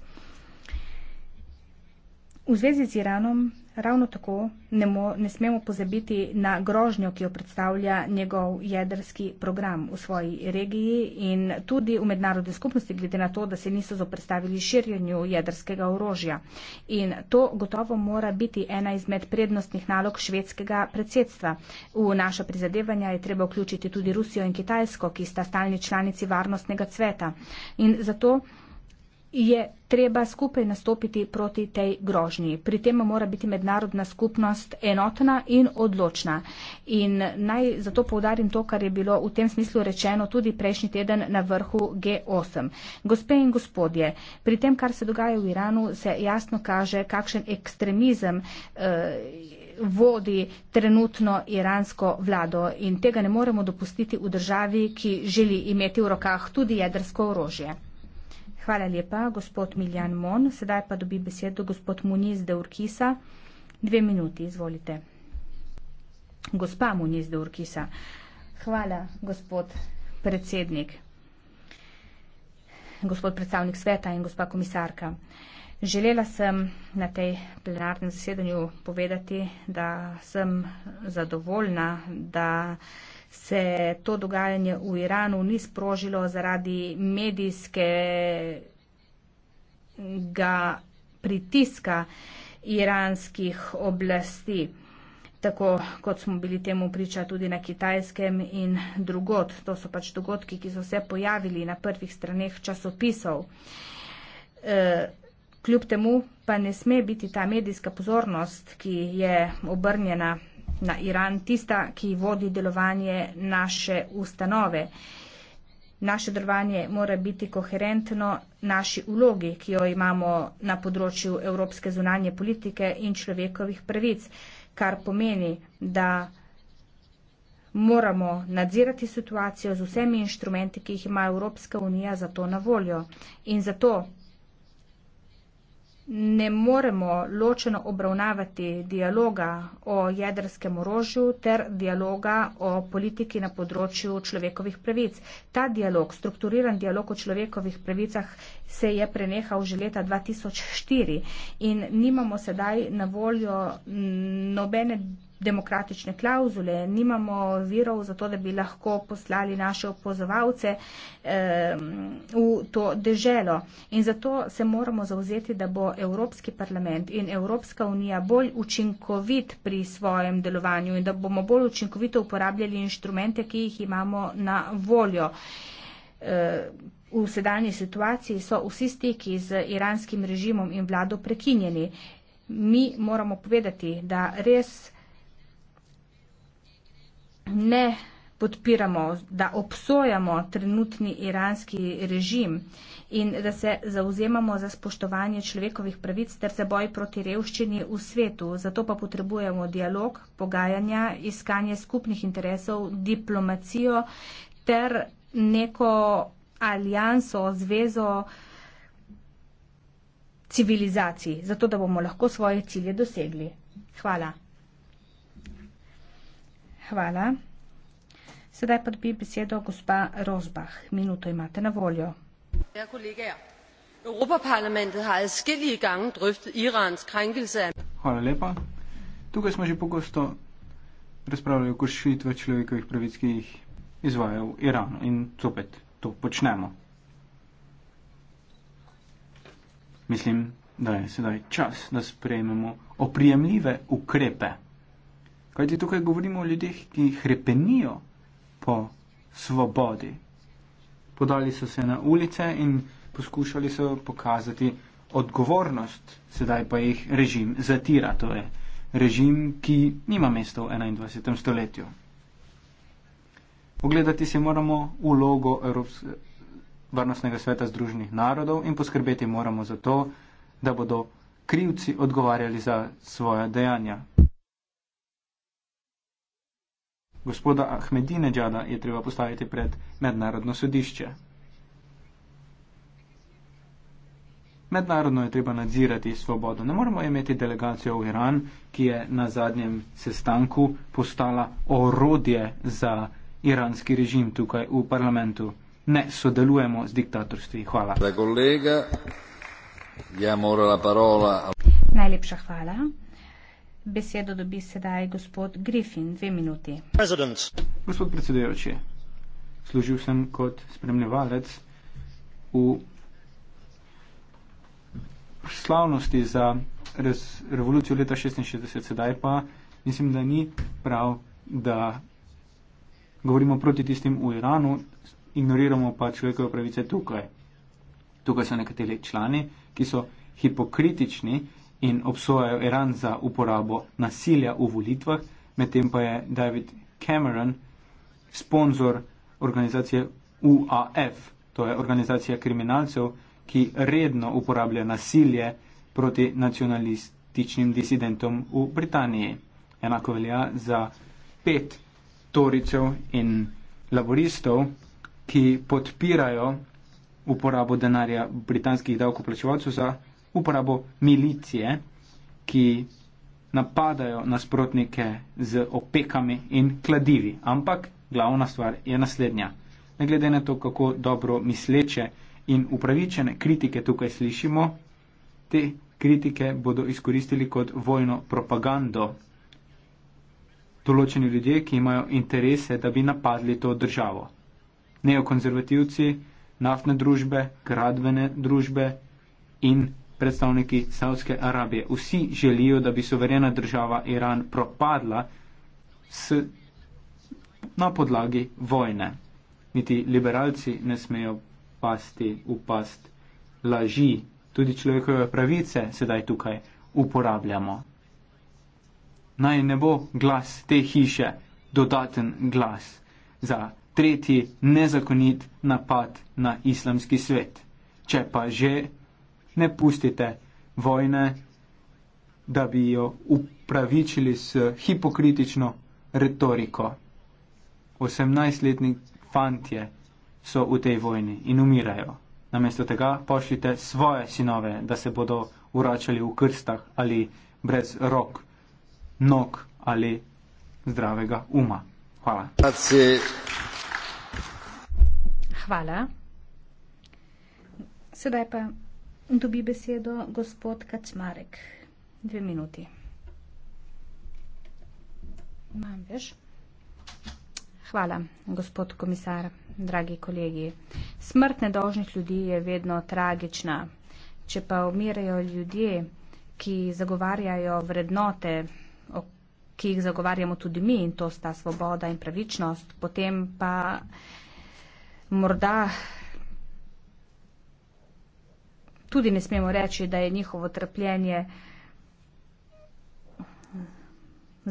V zvezi z Iranom Ravno tako ne, mo, ne smemo pozabiti na grožnjo, ki jo predstavlja njegov jedrski program v svoji regiji in tudi v mednarodni skupnosti, glede na to, da se niso zoprestavili širjenju jedrskega orožja. In to gotovo mora biti ena izmed prednostnih nalog švedskega predsedstva. V naša prizadevanja je treba vključiti tudi Rusijo in Kitajsko, ki sta stalni članici varnostnega cveta. In zato je treba skupaj nastopiti proti tej grožnji. Pri tem mora biti mednarodna skupnost enotna in odločna. In naj zato povdarim to, kar je bilo v tem smislu rečeno tudi prejšnji teden na vrhu G8. Gospe in gospodje, pri tem, kar se dogaja v Iranu, se jasno kaže, kakšen ekstremizem. Eh, vodi trenutno iransko vlado in tega ne moremo dopustiti v državi, ki želi imeti v rokah tudi jedrsko orožje. Hvala lepa, gospod Miljan Mon. Sedaj pa dobi besedo gospod Muniz de Urkisa. Dve minuti, izvolite. Gospa Muniz de Urkisa. Hvala, gospod predsednik, gospod predstavnik sveta in gospa komisarka. Želela sem na tej plenarnem zasedanju povedati, da sem zadovoljna, da se to dogajanje v Iranu ni sprožilo zaradi medijskega pritiska iranskih oblasti, tako kot smo bili temu priča tudi na kitajskem in drugod. To so pač dogodki, ki so se pojavili na prvih straneh časopisov. E, kljub temu pa ne sme biti ta medijska pozornost, ki je obrnjena na Iran tista, ki vodi delovanje naše ustanove. Naše delovanje mora biti koherentno naši ulogi, ki jo imamo na področju evropske zunanje politike in človekovih pravic, kar pomeni, da moramo nadzirati situacijo z vsemi inštrumenti, ki jih ima Evropska unija za to na voljo. In zato ne moremo ločeno obravnavati dialoga o jedrskem orožju ter dialoga o politiki na področju človekovih pravic. Ta dialog, strukturiran dialog o človekovih pravicah, se je prenehal že leta 2004 in nimamo sedaj na voljo nobene demokratične klauzule, nimamo virov za to, da bi lahko poslali naše opozovalce eh, v to deželo. In zato se moramo zauzeti, da bo Evropski parlament in Evropska unija bolj učinkovit pri svojem delovanju in da bomo bolj učinkovito uporabljali inštrumente, ki jih imamo na voljo. V sedanji situaciji so vsi stiki z iranskim režimom in vlado prekinjeni. Mi moramo povedati, da res ne podpiramo, da obsojamo trenutni iranski režim in da se zauzemamo za spoštovanje človekovih pravic ter za boj proti revščini v svetu. Zato pa potrebujemo dialog, pogajanja, iskanje skupnih interesov, diplomacijo ter neko alijanso, zvezo civilizacij, zato da bomo lahko svoje cilje dosegli. Hvala. Hvala. Sedaj pa dobi besedo gospa Rozbah. Minuto imate na voljo. Hvala lepa. Tukaj smo že pogosto razpravljali o kršitvah človekovih pravic, ki jih izvajajo v Iranu in zopet to počnemo. Mislim, da je sedaj čas, da sprejmemo oprijemljive ukrepe. Kajti tukaj govorimo o ljudeh, ki hrepenijo po svobodi. Podali so se na ulice in poskušali so pokazati odgovornost, sedaj pa jih režim zatira, to je režim, ki nima mesta v 21. stoletju. Pogledati se moramo ulogo Evropske varnostnega sveta Združenih narodov in poskrbeti moramo za to, da bodo krivci odgovarjali za svoja dejanja. Gospoda Ahmedine Džada je treba postaviti pred mednarodno sodišče. Mednarodno je treba nadzirati svobodo. Ne moremo imeti delegacijo v Iran, ki je na zadnjem sestanku postala orodje za iranski režim tukaj v parlamentu. Ne sodelujemo z diktatorstvi. Hvala. Ja, Najlepša hvala. Besedo dobi sedaj gospod Griffin, dve minuti. President. Gospod predsedujoči, služil sem kot spremljevalec v slavnosti za res, revolucijo leta 1966, sedaj pa mislim, da ni prav, da govorimo proti tistim v Iranu, ignoriramo pa človekove pravice tukaj. Tukaj so nekateri člani, ki so hipokritični in obsojajo Iran za uporabo nasilja v volitvah, medtem pa je David Cameron sponzor organizacije UAF, to je organizacija kriminalcev, ki redno uporablja nasilje proti nacionalističnim disidentom v Britaniji. Enako velja za pet toricev in laboristov, ki podpirajo uporabo denarja britanskih davkoplačevalcev za uporabo milicije, ki napadajo nasprotnike z opekami in kladivi. Ampak glavna stvar je naslednja. Ne glede na to, kako dobro misleče in upravičene kritike tukaj slišimo, te kritike bodo izkoristili kot vojno propagando. Določeni ljudje, ki imajo interese, da bi napadli to državo. Neokonzervativci, naftne družbe, gradvene družbe in predstavniki Saudske Arabije. Vsi želijo, da bi suverena država Iran propadla s, na podlagi vojne. Niti liberalci ne smejo pasti v past laži. Tudi človekove pravice sedaj tukaj uporabljamo. Naj ne bo glas te hiše dodaten glas za tretji nezakonit napad na islamski svet. Če pa že ne pustite vojne, da bi jo upravičili s hipokritično retoriko. 18-letni fantje so v tej vojni in umirajo. Namesto tega pošljite svoje sinove, da se bodo uračali v krstah ali brez rok, nog ali zdravega uma. Hvala. Hvala. Sedaj pa Dobi besedo gospod Kačmarek. Dve minuti. Imam veš. Hvala, gospod komisar, dragi kolegi. Smrt nedolžnih ljudi je vedno tragična. Če pa umirajo ljudje, ki zagovarjajo vrednote, ki jih zagovarjamo tudi mi, in to sta svoboda in pravičnost, potem pa morda tudi ne smemo reči, da je njihovo trpljenje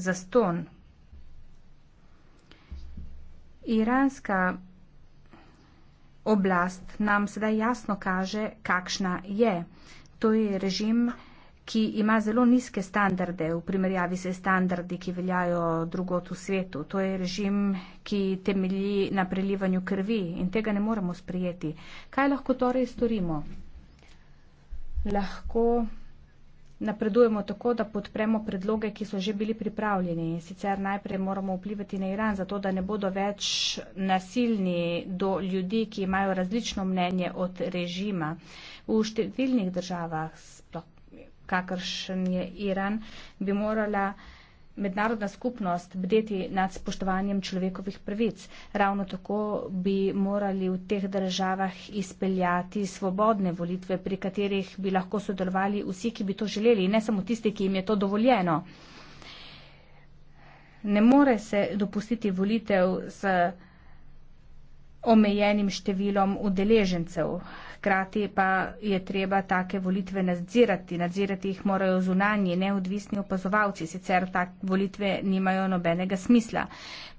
zaston. Iranska oblast nam sedaj jasno kaže, kakšna je. To je režim, ki ima zelo nizke standarde v primerjavi se standardi, ki veljajo drugot v svetu. To je režim, ki temelji na prelivanju krvi in tega ne moremo sprijeti. Kaj lahko torej storimo? lahko napredujemo tako, da podpremo predloge, ki so že bili pripravljeni. Sicer najprej moramo vplivati na Iran, zato da ne bodo več nasilni do ljudi, ki imajo različno mnenje od režima. V številnih državah, kakršen je Iran, bi morala mednarodna skupnost bdeti nad spoštovanjem človekovih pravic. Ravno tako bi morali v teh državah izpeljati svobodne volitve, pri katerih bi lahko sodelovali vsi, ki bi to želeli, ne samo tisti, ki jim je to dovoljeno. Ne more se dopustiti volitev z omejenim številom udeležencev hkrati pa je treba take volitve nadzirati. Nadzirati jih morajo zunanji, neodvisni opazovalci, sicer tak volitve nimajo nobenega smisla.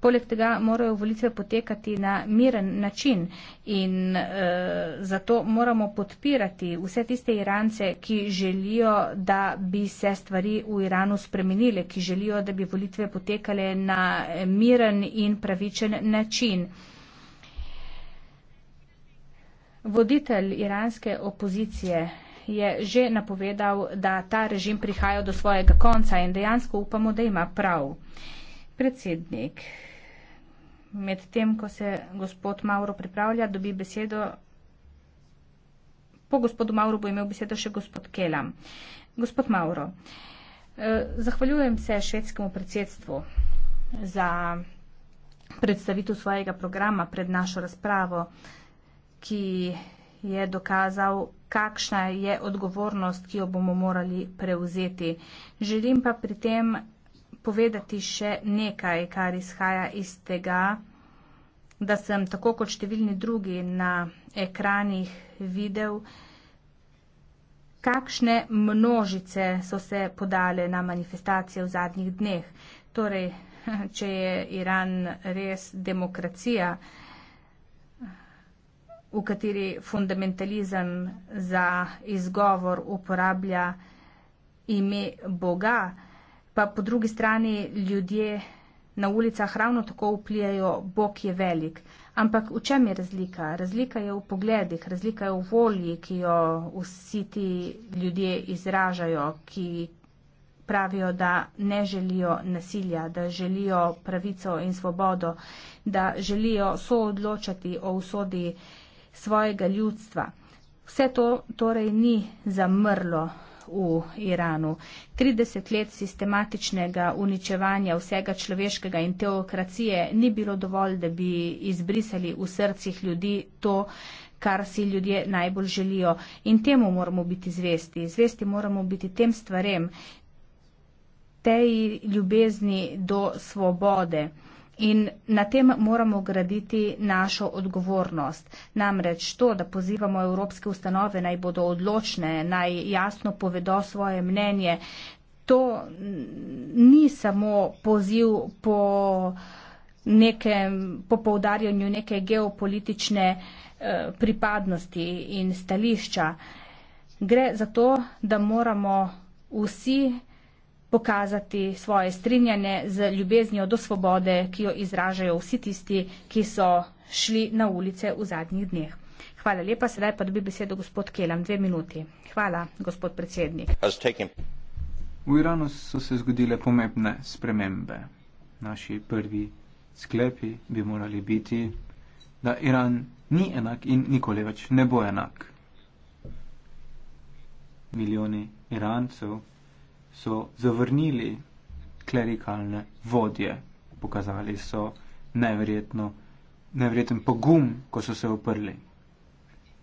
Poleg tega morajo volitve potekati na miren način in e, zato moramo podpirati vse tiste Irance, ki želijo, da bi se stvari v Iranu spremenile, ki želijo, da bi volitve potekale na miren in pravičen način. Voditelj iranske opozicije je že napovedal, da ta režim prihaja do svojega konca in dejansko upamo, da ima prav. Predsednik, medtem ko se gospod Mauro pripravlja, dobi besedo. Po gospodu Mauro bo imel besedo še gospod Kelam. Gospod Mauro, eh, zahvaljujem se švedskemu predsedstvu za predstavitev svojega programa pred našo razpravo ki je dokazal, kakšna je odgovornost, ki jo bomo morali prevzeti. Želim pa pri tem povedati še nekaj, kar izhaja iz tega, da sem tako kot številni drugi na ekranih videl, kakšne množice so se podale na manifestacije v zadnjih dneh. Torej, če je Iran res demokracija, v kateri fundamentalizem za izgovor uporablja ime Boga, pa po drugi strani ljudje na ulicah ravno tako vplijajo, Bog je velik. Ampak v čem je razlika? Razlika je v pogledih, razlika je v volji, ki jo vsi ti ljudje izražajo, ki pravijo, da ne želijo nasilja, da želijo pravico in svobodo, da želijo soodločati o usodi eh, svojega ljudstva. Vse to torej ni zamrlo v Iranu. 30 let sistematičnega uničevanja vsega človeškega in teokracije ni bilo dovolj, da bi izbrisali v srcih ljudi to, kar si ljudje najbolj želijo. In temu moramo biti zvesti. Zvesti moramo biti tem stvarem, tej ljubezni do svobode. In na tem moramo graditi našo odgovornost. Namreč to, da pozivamo evropske ustanove naj bodo odločne, naj jasno povedo svoje mnenje, to ni samo poziv po nekem popovdarjanju neke geopolitične eh, pripadnosti in stališča. Gre za to, da moramo vsi pokazati svoje strinjanje z ljubeznijo do svobode, ki jo izražajo vsi tisti, ki so šli na ulice v zadnjih dneh. Hvala lepa, sedaj pa dobi besedo gospod Kelam. Dve minuti. Hvala, gospod predsednik. V Iranu so se zgodile pomembne spremembe. Naši prvi sklepi bi morali biti, da Iran ni enak in nikoli več ne bo enak. Milijoni Irancev so zavrnili klerikalne vodje, pokazali so neverjetno, neverjeten pogum, ko so se oprli.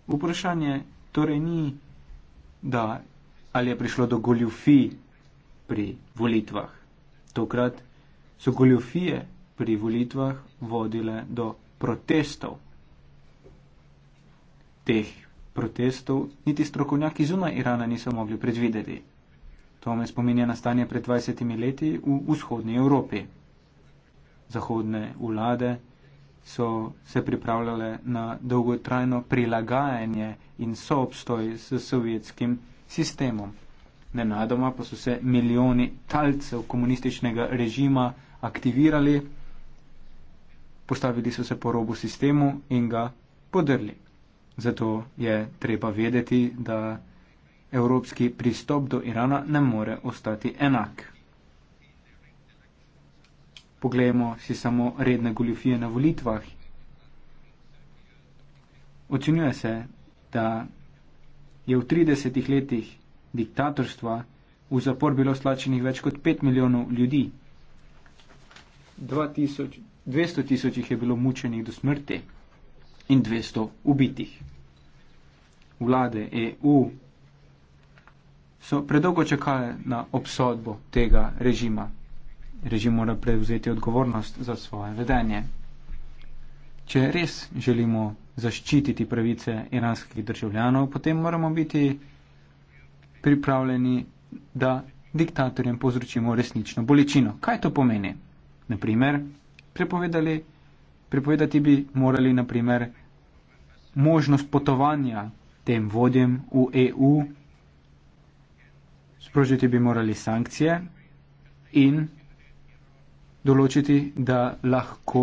Vprašanje torej ni, da ali je prišlo do goljufi pri volitvah. Tokrat so goljufije pri volitvah vodile do protestov. Teh protestov niti strokovnjaki zunaj Irana niso mogli predvideti. To me spominja na stanje pred 20 leti v vzhodni Evropi. Zahodne vlade so se pripravljale na dolgotrajno prilagajanje in soobstoj s sovjetskim sistemom. Nenadoma pa so se milijoni talcev komunističnega režima aktivirali, postavili so se po robu sistemu in ga podrli. Zato je treba vedeti, da Evropski pristop do Irana ne more ostati enak. Poglejmo si samo redne goljufije na volitvah. Ocenjuje se, da je v 30 letih diktatorstva v zapor bilo slačenih več kot 5 milijonov ljudi. 2000, 200 tisoč jih je bilo mučenih do smrti in 200 ubitih. Vlade EU so predolgo čakale na obsodbo tega režima. Režim mora prevzeti odgovornost za svoje vedenje. Če res želimo zaščititi pravice iranskih državljanov, potem moramo biti pripravljeni, da diktatorjem povzročimo resnično bolečino. Kaj to pomeni? Naprimer, prepovedali, prepovedati bi morali naprimer, možnost potovanja tem vodjem v EU sprožiti bi morali sankcije in določiti, da lahko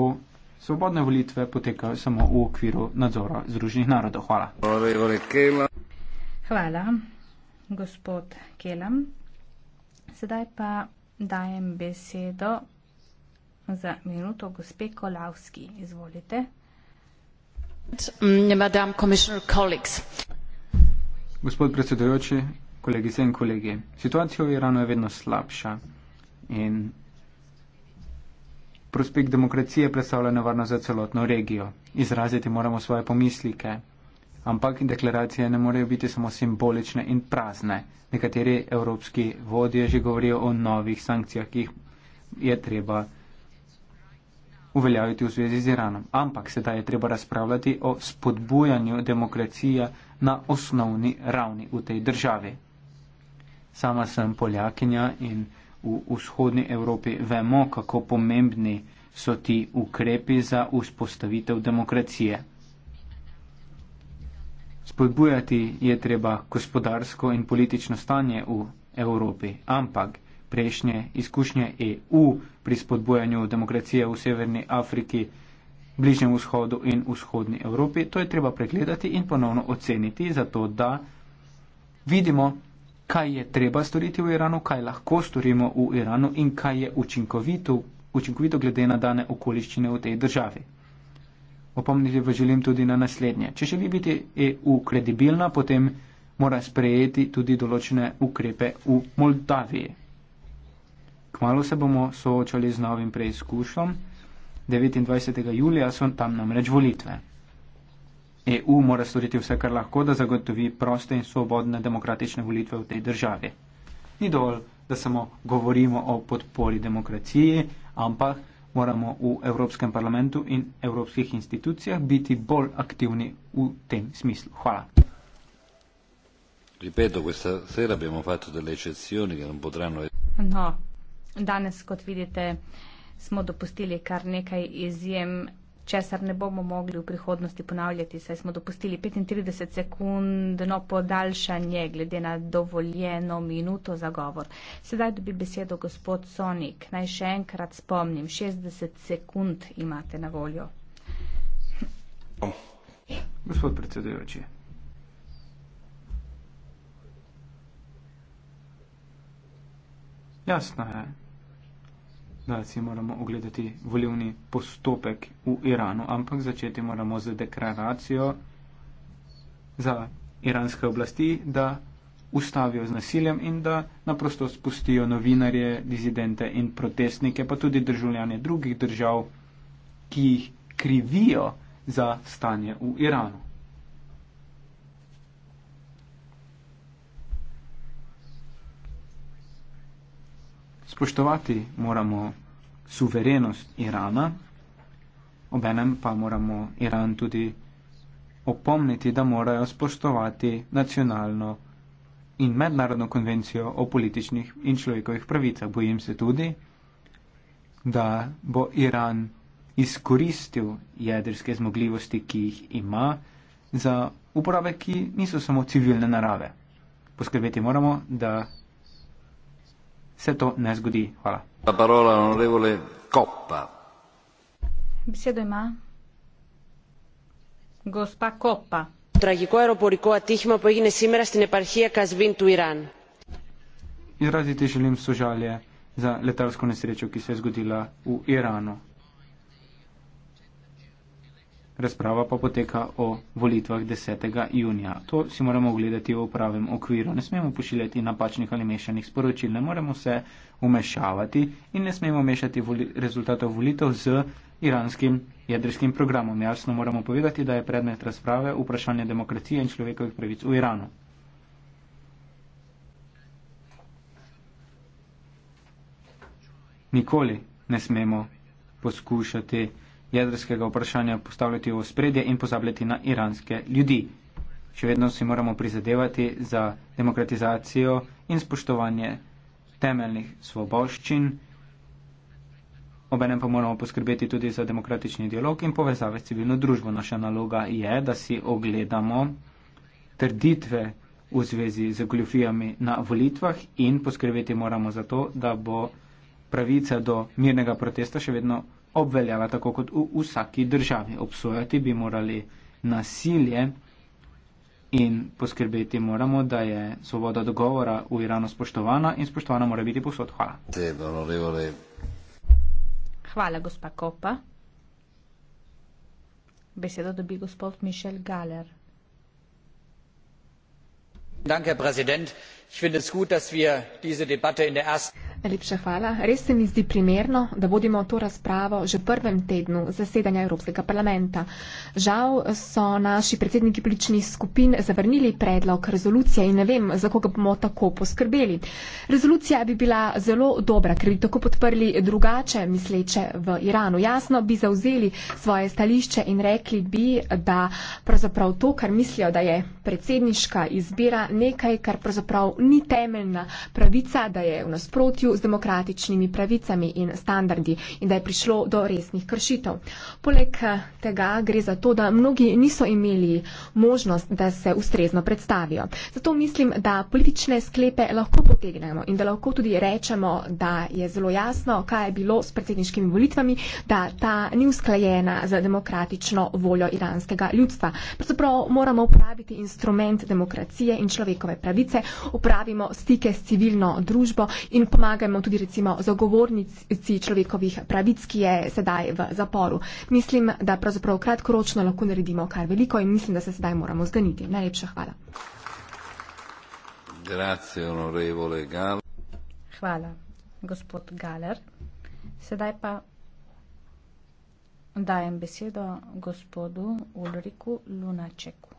svobodne volitve potekajo samo v okviru nadzora Združenih narodov. Hvala. Hvala, gospod Kelam. Sedaj pa dajem besedo za minuto gospe Kolavski. Izvolite. Mm, Madame, komisar, kolegi. Gospod predsedujoči, kolegice in kolegi. Situacija v Iranu je vedno slabša in prospekt demokracije predstavlja nevarno za celotno regijo. Izraziti moramo svoje pomislike, ampak deklaracije ne morejo biti samo simbolične in prazne. Nekateri evropski vodje že govorijo o novih sankcijah, ki jih je treba uveljaviti v zvezi z Iranom. Ampak sedaj je treba razpravljati o spodbujanju demokracije na osnovni ravni v tej državi sama sem poljakinja in v vzhodni Evropi vemo, kako pomembni so ti ukrepi za vzpostavitev demokracije. Spodbujati je treba gospodarsko in politično stanje v Evropi, ampak prejšnje izkušnje EU pri spodbujanju demokracije v Severni Afriki, Bližnjem vzhodu in vzhodni Evropi, to je treba pregledati in ponovno oceniti, zato da vidimo, kaj je treba storiti v Iranu, kaj lahko storimo v Iranu in kaj je učinkovito, učinkovito glede na dane okoliščine v tej državi. Opomniti vas želim tudi na naslednje. Če želi biti EU kredibilna, potem mora sprejeti tudi določene ukrepe v Moldaviji. Kmalo se bomo soočali z novim preizkušom. 29. julija so tam namreč volitve. EU mora storiti vse, kar lahko, da zagotovi proste in svobodne demokratične volitve v tej državi. Ni dovolj, da samo govorimo o podpori demokraciji, ampak moramo v Evropskem parlamentu in evropskih institucijah biti bolj aktivni v tem smislu. Hvala. Ripeto, questa sera abbiamo fatto delle eccezioni che non potranno essere. No, danes, kot vidite, smo dopustili kar nekaj izjem česar ne bomo mogli v prihodnosti ponavljati, saj smo dopustili 35 sekundno podaljšanje glede na dovoljeno minuto za govor. Sedaj dobi besedo gospod Sonik. Naj še enkrat spomnim, 60 sekund imate na voljo. Gospod predsedujoči. Jasno je da si moramo ogledati volivni postopek v Iranu, ampak začeti moramo z deklaracijo za iranske oblasti, da ustavijo z nasiljem in da naprosto spustijo novinarje, dizidente in protestnike, pa tudi državljane drugih držav, ki jih krivijo za stanje v Iranu. spoštovati moramo suverenost Irana, obenem pa moramo Iran tudi opomniti, da morajo spoštovati nacionalno in mednarodno konvencijo o političnih in človekovih pravicah. Bojim se tudi, da bo Iran izkoristil jedrske zmogljivosti, ki jih ima, za uporabe, ki niso samo civilne narave. Poskrbeti moramo, da se to ne zgodi. Hvala. Besedo ima gospa Koppa. Tragiko aeroporiko atihma pojine simera sti neparhija kazvin tu Iran. Izraziti želim sožalje za letalsko nesrečo, ki se je zgodila v Iranu razprava pa poteka o volitvah 10. junija. To si moramo ogledati v pravem okviru. Ne smemo pošiljati napačnih ali mešanih sporočil, ne moremo se umešavati in ne smemo mešati voli rezultatov volitev z iranskim jedrskim programom. Jasno moramo povedati, da je predmet razprave vprašanje demokracije in človekovih pravic v Iranu. Nikoli ne smemo poskušati jedrskega vprašanja postavljati v spredje in pozabljati na iranske ljudi. Še vedno si moramo prizadevati za demokratizacijo in spoštovanje temeljnih svoboščin. Obenem pa moramo poskrbeti tudi za demokratični dialog in povezave s civilno družbo. Naša naloga je, da si ogledamo trditve v zvezi z goljofijami na volitvah in poskrbeti moramo za to, da bo pravica do mirnega protesta še vedno obveljava tako kot v vsaki državi. Obsojati bi morali nasilje in poskrbeti moramo, da je svoboda dogovora v Iranu spoštovana in spoštovana mora biti posod. Hvala. Hvala, gospa Kopa. Besedo dobi gospod Mišel Galer. Danke, predsednik. Ich finde es gut, dass wir diese Debatte in der ersten. Najlepša hvala. Res se mi zdi primerno, da vodimo to razpravo že v prvem tednu zasedanja Evropskega parlamenta. Žal so naši predsedniki političnih skupin zavrnili predlog rezolucije in ne vem, za koga bomo tako poskrbeli. Rezolucija bi bila zelo dobra, ker bi tako podprli drugače misleče v Iranu. Jasno bi zauzeli svoje stališče in rekli bi, da pravzaprav to, kar mislijo, da je predsedniška izbira nekaj, kar pravzaprav ni temeljna pravica, da je v nasprotju z demokratičnimi pravicami in standardi in da je prišlo do resnih kršitev. Poleg eh, tega gre za to, da mnogi niso imeli možnost, da se ustrezno predstavijo. Zato mislim, da politične sklepe lahko potegnemo in da lahko tudi rečemo, da je zelo jasno, kaj je bilo s predsedniškimi volitvami, da ta ni usklajena z demokratično voljo iranskega ljudstva. Pravzaprav moramo uporabiti instrument demokracije in človekove pravice, upravimo stike s civilno družbo in pomagati pogovarjamo tudi recimo o zagovornici človekovih pravic, ki je sedaj v zaporu. Mislim, da pravzaprav kratkoročno lahko naredimo kar veliko in mislim, da se sedaj moramo zganiti. Najlepša hvala. Grazie, onorevole Gal. Hvala, gospod Galer. Sedaj pa dajem besedo gospodu Ulriku Lunačeku.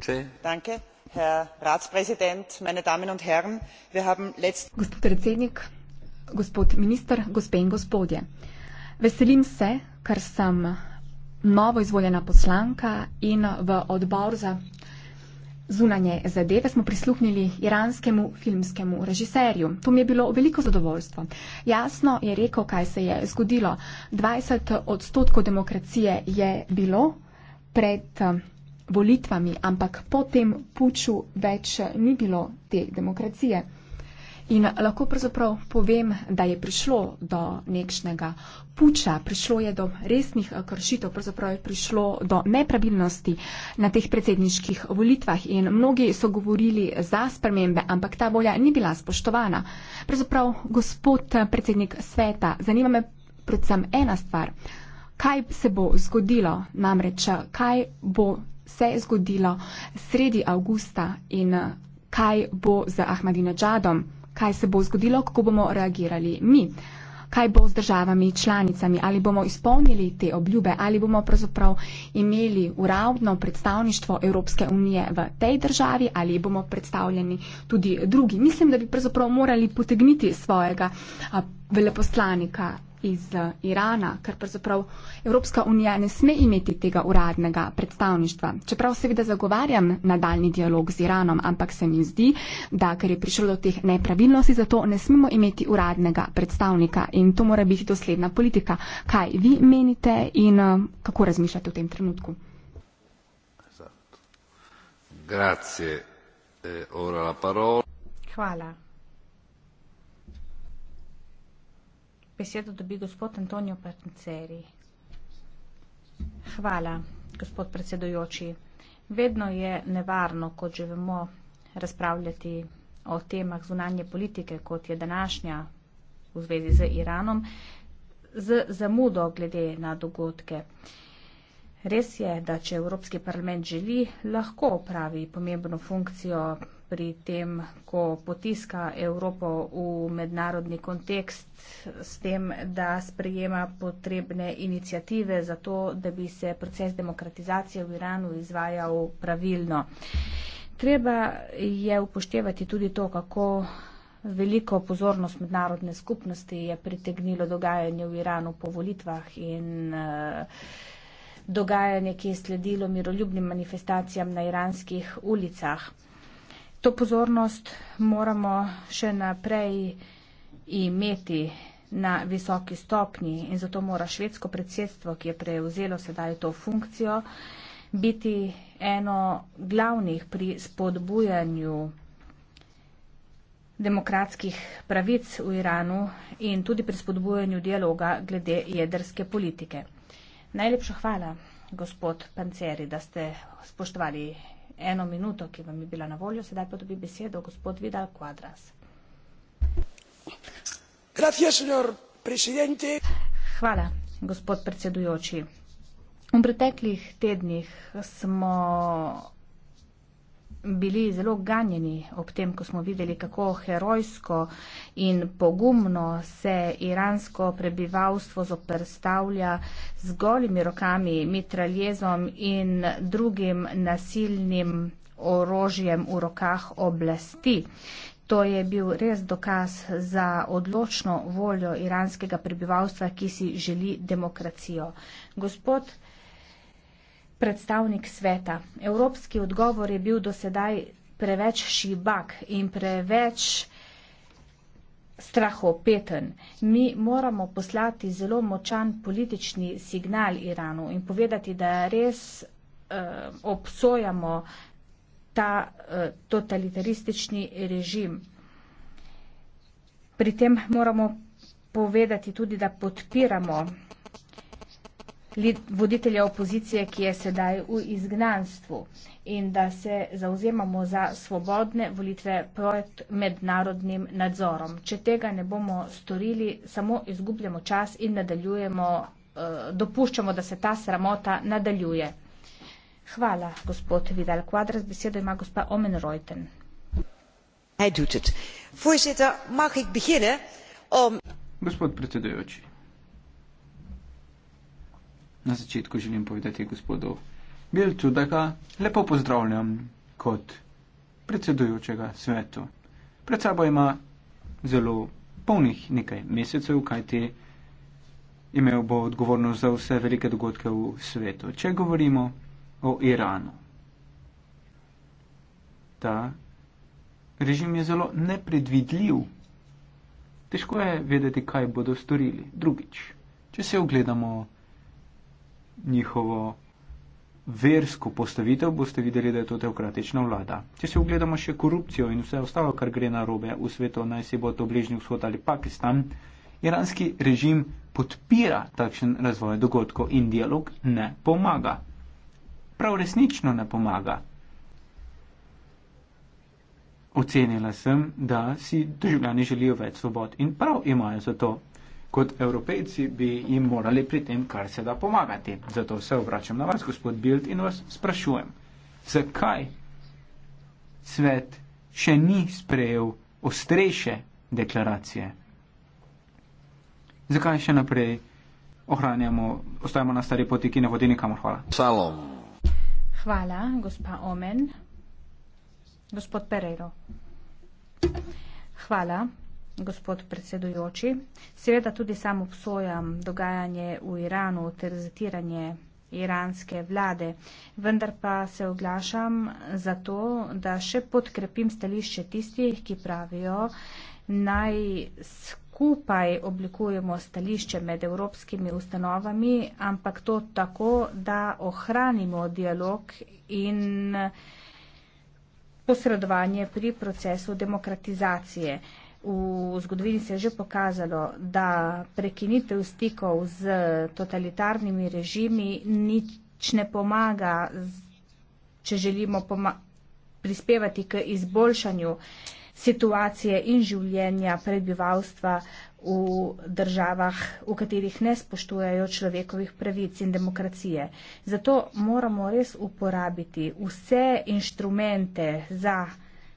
Če? Danke herr ratspräsident meine damen und herren wir haben gospod predsednik gospod minister gospe in gospodje veselim se ker sem novoizvoljena poslanka in v odbor za zunanje zadeve smo prisluhnili iranskemu filmskemu režiserju to mi je bilo veliko zadovoljstvo jasno je rekel kaj se je zgodilo dvajset odstotkov demokracije je bilo pred uh, volitvami, ampak po tem puču več ni bilo te demokracije. In lahko pravzaprav povem, da je prišlo do nekšnega puča, prišlo je do resnih kršitev, pravzaprav je prišlo do nepravilnosti na teh predsedniških volitvah in mnogi so govorili za spremembe, ampak ta volja ni bila spoštovana. Pravzaprav, gospod predsednik sveta, zanima me predvsem ena stvar. Kaj se bo zgodilo, namreč kaj bo se je zgodilo sredi avgusta in eh, kaj bo z Ahmadinejadom, kaj se bo zgodilo, kako bomo reagirali mi, kaj bo z državami članicami, ali bomo izpolnili te obljube, ali bomo pravzaprav imeli uravno predstavništvo Evropske unije v tej državi, ali bomo predstavljeni tudi drugi. Mislim, da bi pravzaprav morali potegniti svojega eh, veleposlanika iz eh, Irana, ker pravzaprav Evropska unija ne sme imeti tega uradnega predstavništva. Čeprav seveda zagovarjam nadaljni dialog z Iranom, ampak se mi zdi, da ker je prišlo do teh nepravilnosti, zato ne smemo imeti uradnega predstavnika in to mora biti dosledna politika. Kaj vi menite in eh, kako razmišljate v tem trenutku? E, Hvala. Besedo dobi gospod Antonijo Pernceri. Hvala, gospod predsedujoči. Vedno je nevarno, kot že vemo, razpravljati o temah zunanje politike, kot je današnja v zvezi z Iranom, z zamudo glede na dogodke. Res je, da če Evropski parlament želi, lahko opravi pomembno funkcijo pri tem, ko potiska Evropo v mednarodni kontekst s tem, da sprejema potrebne inicijative za to, da bi se proces demokratizacije v Iranu izvajal pravilno. Treba je upoštevati tudi to, kako veliko pozornost mednarodne skupnosti je pritegnilo dogajanje v Iranu po volitvah in eh, dogajanje, ki je sledilo miroljubnim manifestacijam na iranskih ulicah. To pozornost moramo še naprej imeti na visoki stopnji in zato mora švedsko predsedstvo, ki je prevzelo sedaj to funkcijo, biti eno glavnih pri spodbujanju demokratskih pravic v Iranu in tudi pri spodbujanju dialoga glede jedrske politike. Najlepša hvala, gospod Panceri, da ste spoštovali eno minuto, ki vam je bila na voljo, sedaj pa dobi besedo gospod Vidal Quadras. Hvala, gospod predsedujoči. V preteklih tednih smo bili zelo ganjeni ob tem, ko smo videli, kako herojsko in pogumno se iransko prebivalstvo zoprstavlja z golimi rokami, mitraljezom in drugim nasilnim orožjem v rokah oblasti. To je bil res dokaz za odločno voljo iranskega prebivalstva, ki si želi demokracijo. Gospod predstavnik sveta. Evropski odgovor je bil dosedaj preveč šibak in preveč strahopeten. Mi moramo poslati zelo močan politični signal Iranu in povedati, da res eh, obsojamo ta eh, totalitaristični režim. Pri tem moramo povedati tudi, da podpiramo voditelja opozicije, ki je sedaj v izgnanstvu in da se zauzemamo za svobodne volitve pred mednarodnim nadzorom. Če tega ne bomo storili, samo izgubljamo čas in nadaljujemo, eh, dopuščamo, da se ta sramota nadaljuje. Hvala, gospod Vidal Kvadras. Besedo ima gospa Omen Reuten. Voorzitter, mag ik beginnen om. Gospod predsedujoči. Na začetku želim povedati gospodu Biltu, da ga lepo pozdravljam kot predsedujočega svetu. Pred sabo ima zelo polnih nekaj mesecev, kajti imel bo odgovornost za vse velike dogodke v svetu. Če govorimo o Iranu, ta režim je zelo nepredvidljiv. Težko je vedeti, kaj bodo storili drugič. Če se ogledamo, njihovo versko postavitev, boste videli, da je to teokratična vlada. Če se ogledamo še korupcijo in vse ostalo, kar gre na robe v svetu, naj se bo to bližnji vzhod ali Pakistan, iranski režim podpira takšen razvoj dogodkov in dialog ne pomaga. Prav resnično ne pomaga. Ocenila sem, da si državljani želijo več svobod in prav imajo za to. Kot evropejci bi jim morali pri tem kar se da pomagati. Zato se obračam na vas, gospod Bild, in vas sprašujem, zakaj svet še ni sprejel ostrejše deklaracije? Zakaj še naprej ohranjamo, ostajamo na stari poti, ki ne vodi nikamor? Hvala. Salom. Hvala, gospa Omen. Gospod Pereiro. Hvala gospod predsedujoči. Seveda tudi sam obsojam dogajanje v Iranu ter zatiranje iranske vlade, vendar pa se oglašam zato, da še podkrepim stališče tistih, ki pravijo, naj skupaj oblikujemo stališče med evropskimi ustanovami, ampak to tako, da ohranimo dialog in posredovanje pri procesu demokratizacije v zgodovini se je že pokazalo, da prekinitev stikov z totalitarnimi režimi nič ne pomaga, če želimo prispevati k izboljšanju situacije in življenja prebivalstva v državah, v katerih ne spoštujejo človekovih pravic in demokracije. Zato moramo res uporabiti vse inštrumente za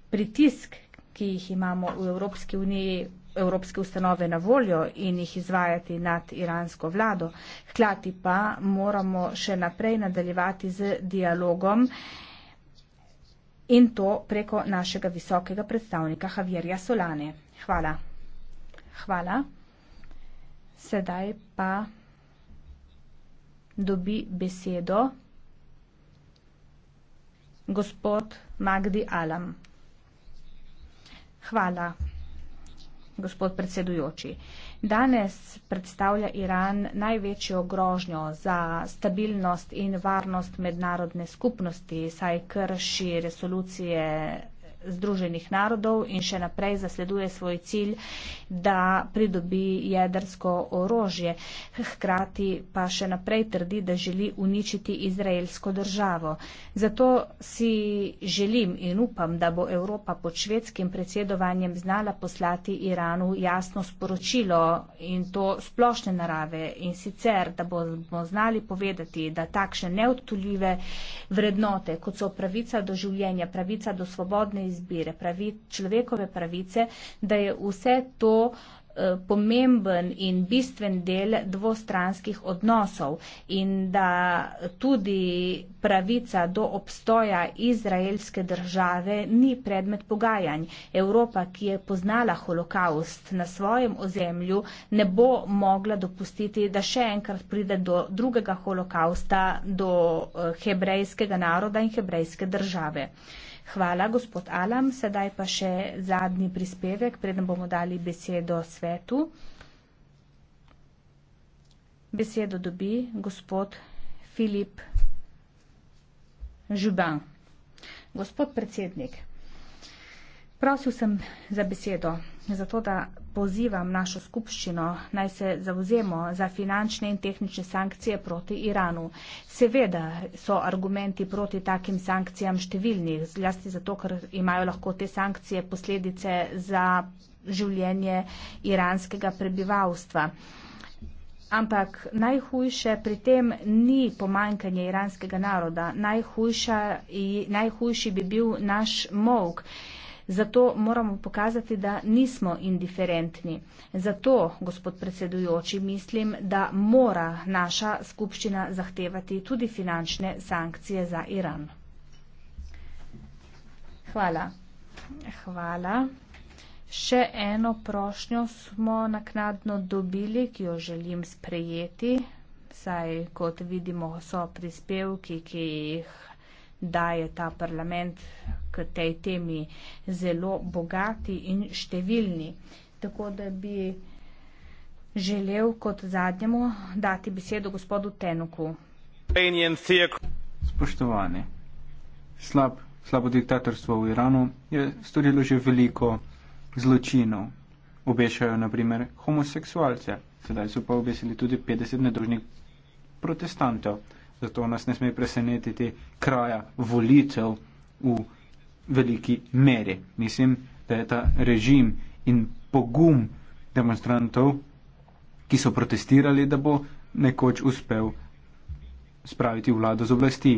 pritisk, ki jih imamo v Evropski uniji, evropske ustanove na voljo in jih izvajati nad iransko vlado. Hkrati pa moramo še naprej nadaljevati z dialogom in to preko našega visokega predstavnika Javierja Solane. Hvala. Hvala. Sedaj pa dobi besedo gospod Magdi Alam. Hvala, gospod predsedujoči. Danes predstavlja Iran največjo grožnjo za stabilnost in varnost mednarodne skupnosti, saj krši resolucije Združenih narodov in še naprej zasleduje svoj cilj, da pridobi jedrsko orožje. Hkrati pa še naprej trdi, da želi uničiti izraelsko državo. Zato si želim in upam, da bo Evropa pod švedskim predsedovanjem znala poslati Iranu jasno sporočilo in to splošne narave in sicer, da bomo znali povedati, da takšne neodtuljive vrednote, kot so pravica do življenja, pravica do svobodne izbire, pravi, človekove pravice, da je vse to eh, pomemben in bistven del dvostranskih odnosov in da tudi pravica do obstoja izraelske države ni predmet pogajanj. Evropa, ki je poznala holokaust na svojem ozemlju, ne bo mogla dopustiti, da še enkrat pride do drugega holokausta, do eh, hebrejskega naroda in hebrejske države. Hvala, gospod Alam. Sedaj pa še zadnji prispevek, preden bomo dali besedo svetu. Besedo dobi gospod Filip Žuban. Gospod predsednik, prosil sem za besedo. Zato, da pozivam našo skupščino, naj se zauzemo za finančne in tehnične sankcije proti Iranu. Seveda so argumenti proti takim sankcijam številni, zlasti zato, ker imajo lahko te sankcije posledice za življenje iranskega prebivalstva. Ampak najhujše pri tem ni pomankanje iranskega naroda, najhujša, najhujši bi bil naš mok. Zato moramo pokazati, da nismo indiferentni. Zato, gospod predsedujoči, mislim, da mora naša skupščina zahtevati tudi finančne sankcije za Iran. Hvala. Hvala. Še eno prošnjo smo naknadno dobili, ki jo želim sprejeti. Saj, kot vidimo, so prispevki, ki jih da je ta parlament k tej temi zelo bogati in številni. Tako da bi želel kot zadnjemu dati besedo gospodu Tenuku. Spoštovani, slab, slabo diktatorstvo v Iranu je storilo že veliko zločinov. Obešajo naprimer homoseksualce, sedaj so pa obesili tudi 50 nedružnih protestantov zato nas ne sme presenetiti kraja volitev v veliki meri. Mislim, da je ta režim in pogum demonstrantov, ki so protestirali, da bo nekoč uspel spraviti vlado z oblasti.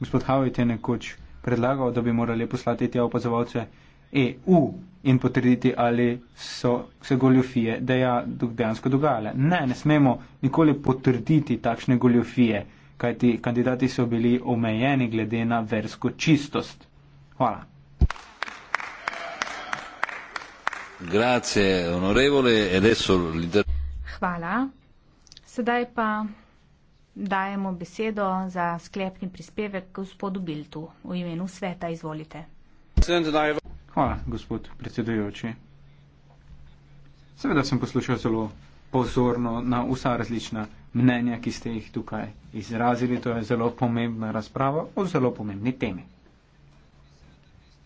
Gospod Havit je nekoč predlagal, da bi morali poslati tja opazovalce EU in potrditi, ali so se goljofije dejansko dogajale. Ne, ne smemo nikoli potrditi takšne goljofije kajti kandidati so bili omejeni glede na versko čistost. Hvala. Grazie, onorevole, adesso... Hvala. Sedaj pa dajemo besedo za sklepni prispevek gospodu Biltu v imenu sveta. Izvolite. Hvala, gospod predsedujoči. Seveda sem poslušal zelo pozorno na vsa različna mnenja, ki ste jih tukaj izrazili. To je zelo pomembna razprava o zelo pomembni temi.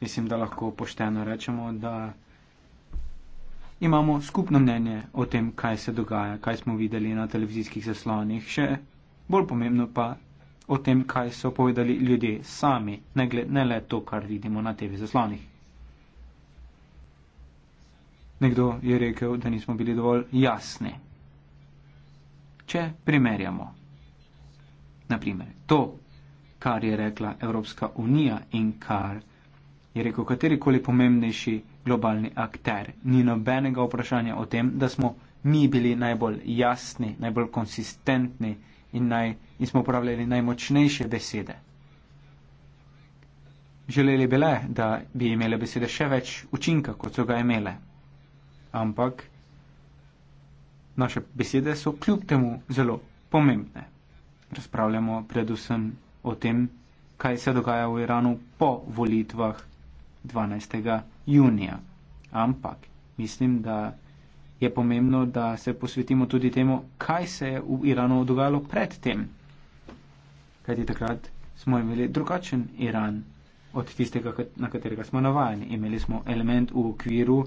Mislim, da lahko pošteno rečemo, da imamo skupno mnenje o tem, kaj se dogaja, kaj smo videli na televizijskih zaslonih, še bolj pomembno pa o tem, kaj so povedali ljudje sami, ne, gled, ne le to, kar vidimo na TV zaslonih. Nekdo je rekel, da nismo bili dovolj jasni če primerjamo. Naprimer, to, kar je rekla Evropska unija in kar je rekel katerikoli pomembnejši globalni akter, ni nobenega vprašanja o tem, da smo mi bili najbolj jasni, najbolj konsistentni in, naj, in smo uporabljali najmočnejše besede. Želeli bile, da bi imele besede še več učinka, kot so ga imele. Ampak Naše besede so kljub temu zelo pomembne. Razpravljamo predvsem o tem, kaj se dogaja v Iranu po volitvah 12. junija. Ampak mislim, da je pomembno, da se posvetimo tudi temu, kaj se je v Iranu dogajalo predtem. Kajti takrat smo imeli drugačen Iran od tistega, na katerega smo navajeni. Imeli smo element v okviru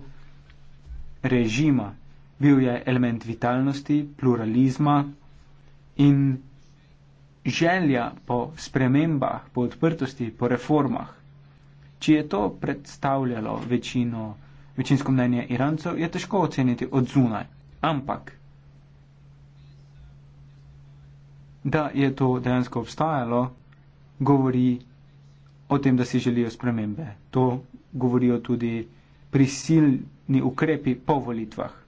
režima Bil je element vitalnosti, pluralizma in želja po spremembah, po odprtosti, po reformah. Če je to predstavljalo večino, večinsko mnenje Irancev, je težko oceniti od zunaj. Ampak, da je to dejansko obstajalo, govori o tem, da si želijo spremembe. To govorijo tudi prisilni ukrepi po volitvah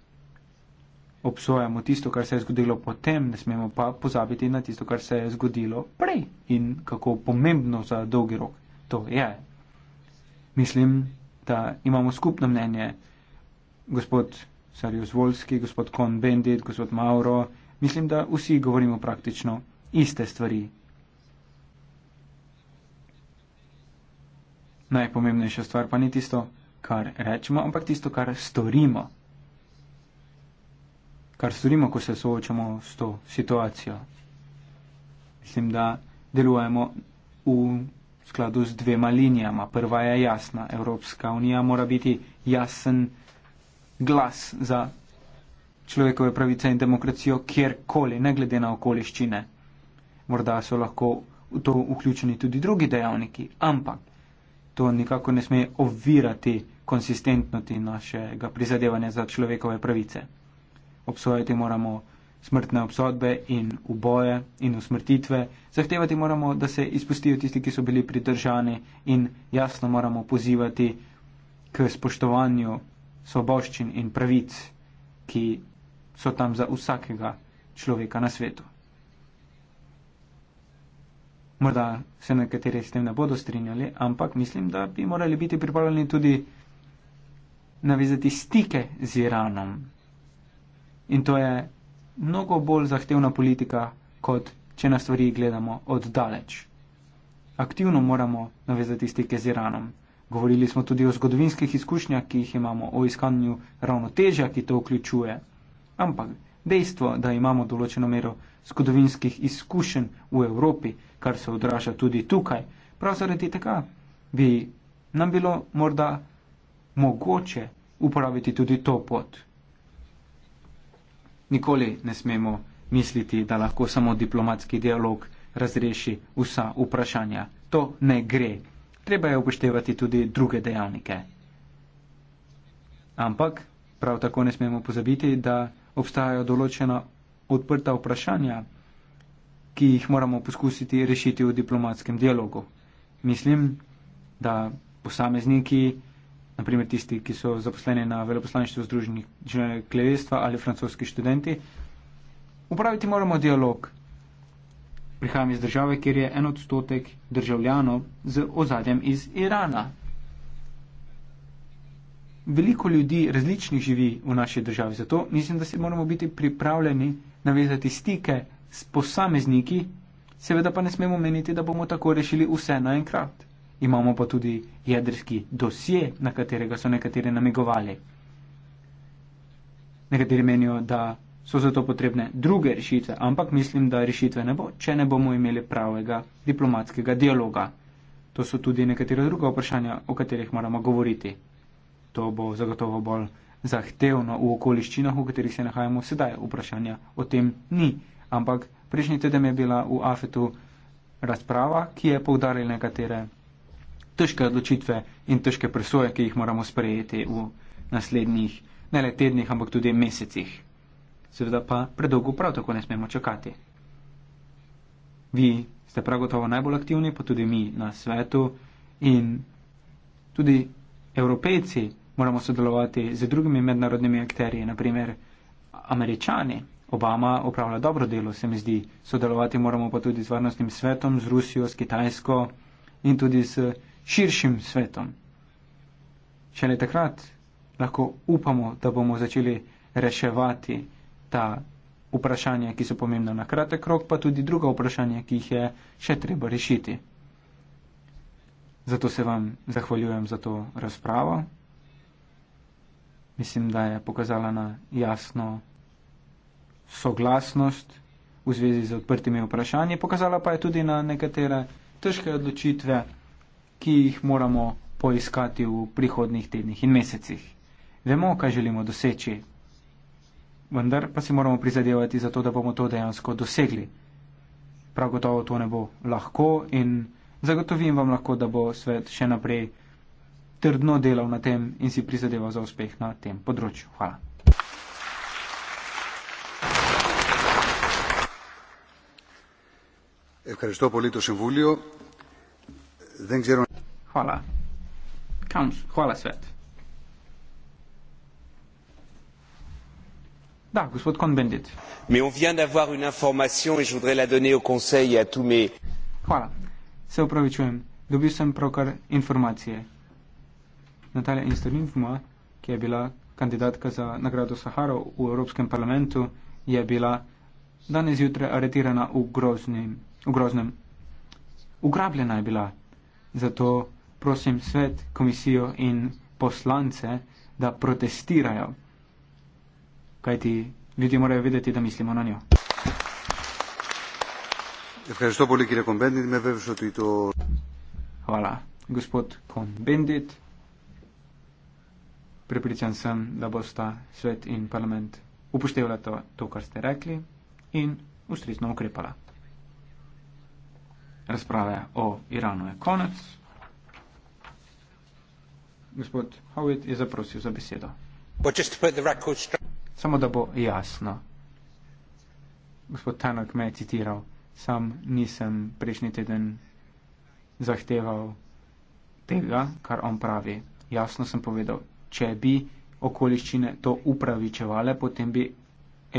obsojamo tisto, kar se je zgodilo potem, ne smemo pa pozabiti na tisto, kar se je zgodilo prej in kako pomembno za dolgi rok to je. Mislim, da imamo skupno mnenje, gospod Sarjus Volski, gospod Kon Bendit, gospod Mauro, mislim, da vsi govorimo praktično iste stvari. Najpomembnejša stvar pa ni tisto, kar rečemo, ampak tisto, kar storimo kar storimo, ko se soočamo s to situacijo. Mislim, da delujemo v skladu z dvema linijama. Prva je jasna. Evropska unija mora biti jasen glas za človekove pravice in demokracijo kjerkoli, ne glede na okoliščine. Morda so lahko v to vključeni tudi drugi dejavniki, ampak to nikako ne sme ovirati konsistentnosti našega prizadevanja za človekove pravice obsojati moramo smrtne obsodbe in uboje in usmrtitve, zahtevati moramo, da se izpustijo tisti, ki so bili pridržani in jasno moramo pozivati k spoštovanju svoboščin in pravic, ki so tam za vsakega človeka na svetu. Morda se nekateri s tem ne bodo strinjali, ampak mislim, da bi morali biti pripravljeni tudi navezati stike z Iranom, In to je mnogo bolj zahtevna politika, kot če na stvari gledamo od daleč. Aktivno moramo navezati stike z Iranom. Govorili smo tudi o zgodovinskih izkušnjah, ki jih imamo, o iskanju ravnotežja, ki to vključuje. Ampak dejstvo, da imamo določeno mero zgodovinskih izkušenj v Evropi, kar se odraža tudi tukaj, prav zaradi tega bi nam bilo morda mogoče uporabiti tudi to pot nikoli ne smemo misliti, da lahko samo diplomatski dialog razreši vsa vprašanja. To ne gre. Treba je upoštevati tudi druge dejavnike. Ampak prav tako ne smemo pozabiti, da obstajajo določena odprta vprašanja, ki jih moramo poskusiti rešiti v diplomatskem dialogu. Mislim, da posamezniki naprimer tisti, ki so zaposleni na veleposlaništvu Združenih kraljestva ali francoski študenti. Upraviti moramo dialog. Prihajam iz države, kjer je en odstotek državljanov z ozadjem iz Irana. Veliko ljudi različnih živi v naši državi, zato mislim, da se moramo biti pripravljeni navezati stike s posamezniki, seveda pa ne smemo meniti, da bomo tako rešili vse naenkrat imamo pa tudi jedrski dosje, na katerega so nekatere namigovali. Nekateri menijo, da so za to potrebne druge rešitve, ampak mislim, da rešitve ne bo, če ne bomo imeli pravega diplomatskega dialoga. To so tudi nekatera druga vprašanja, o katerih moramo govoriti. To bo zagotovo bolj zahtevno v okoliščinah, v katerih se nahajamo sedaj. Vprašanja o tem ni, ampak prejšnji teden je bila v Afetu razprava, ki je povdarjala nekatere težke odločitve in težke presoje, ki jih moramo sprejeti v naslednjih ne le tednih, ampak tudi mesecih. Seveda pa predolgo prav tako ne smemo čakati. Vi ste prav gotovo najbolj aktivni, pa tudi mi na svetu in tudi evropejci moramo sodelovati z drugimi mednarodnimi akterji, naprimer američani. Obama opravlja dobro delo, se mi zdi. Sodelovati moramo pa tudi z varnostnim svetom, z Rusijo, s Kitajsko in tudi s širšim svetom. Šele takrat lahko upamo, da bomo začeli reševati ta vprašanja, ki so pomembna na kratek rok, pa tudi druga vprašanja, ki jih je še treba rešiti. Zato se vam zahvaljujem za to razpravo. Mislim, da je pokazala na jasno soglasnost v zvezi z odprtimi vprašanji, pokazala pa je tudi na nekatere težke odločitve ki jih moramo poiskati v prihodnih tednih in mesecih. Vemo, kaj želimo doseči, vendar pa si moramo prizadevati za to, da bomo to dejansko dosegli. Prav gotovo to ne bo lahko in zagotovim vam lahko, da bo svet še naprej trdno delal na tem in si prizadeval za uspeh na tem področju. Hvala. Ker je to politično voljo, zdaj gremo. Hvala. Kaunš, hvala svet. Da, gospod Konbendit. Mais on vient d'avoir une information et je voudrais la donner au conseil et à tous mes... Hvala. Se upravičujem. Dobil sem pravkar informacije. Natalia Instorinfuma, ki je bila kandidatka za nagrado Saharo v Evropskem parlamentu, je bila danes zjutraj aretirana v groznem. Ugrabljena je bila. Zato prosim svet, komisijo in poslance, da protestirajo. Kajti ljudje morajo vedeti, da mislimo na njo. Hvala, gospod Kombendit. Pripričan sem, da bosta svet in parlament upoštevala to, to, kar ste rekli in ustrezno ukrepala. Razprave o Iranu je konec. Gospod Howitt je zaprosil za besedo. Samo da bo jasno. Gospod Tanak me je citiral. Sam nisem prejšnji teden zahteval tega, kar on pravi. Jasno sem povedal, če bi okoliščine to upravičevale, potem bi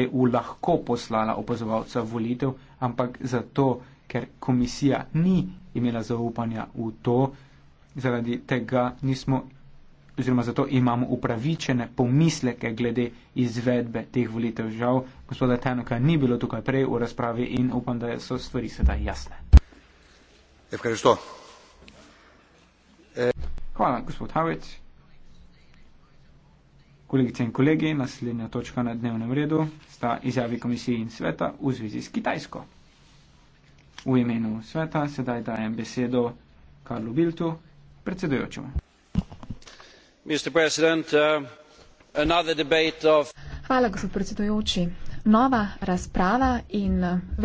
EU lahko poslala opazovalca volitev, ampak zato, ker komisija ni imela zaupanja v to, zaradi tega nismo oziroma zato imamo upravičene pomisleke glede izvedbe teh volitev. Žal, gospoda Tenoka ni bilo tukaj prej v razpravi in upam, da so stvari sedaj jasne. E- Hvala, gospod Havec. Kolegice in kolegi, naslednja točka na dnevnem redu sta izjavi komisije in sveta v zvezi s Kitajsko. V imenu sveta sedaj dajem besedo Karlu Biltu, predsedujočemu. Uh, Hvala, gospod predsedujoči. Nova razprava in verjetno tudi nov parlament bosta potrdila, da je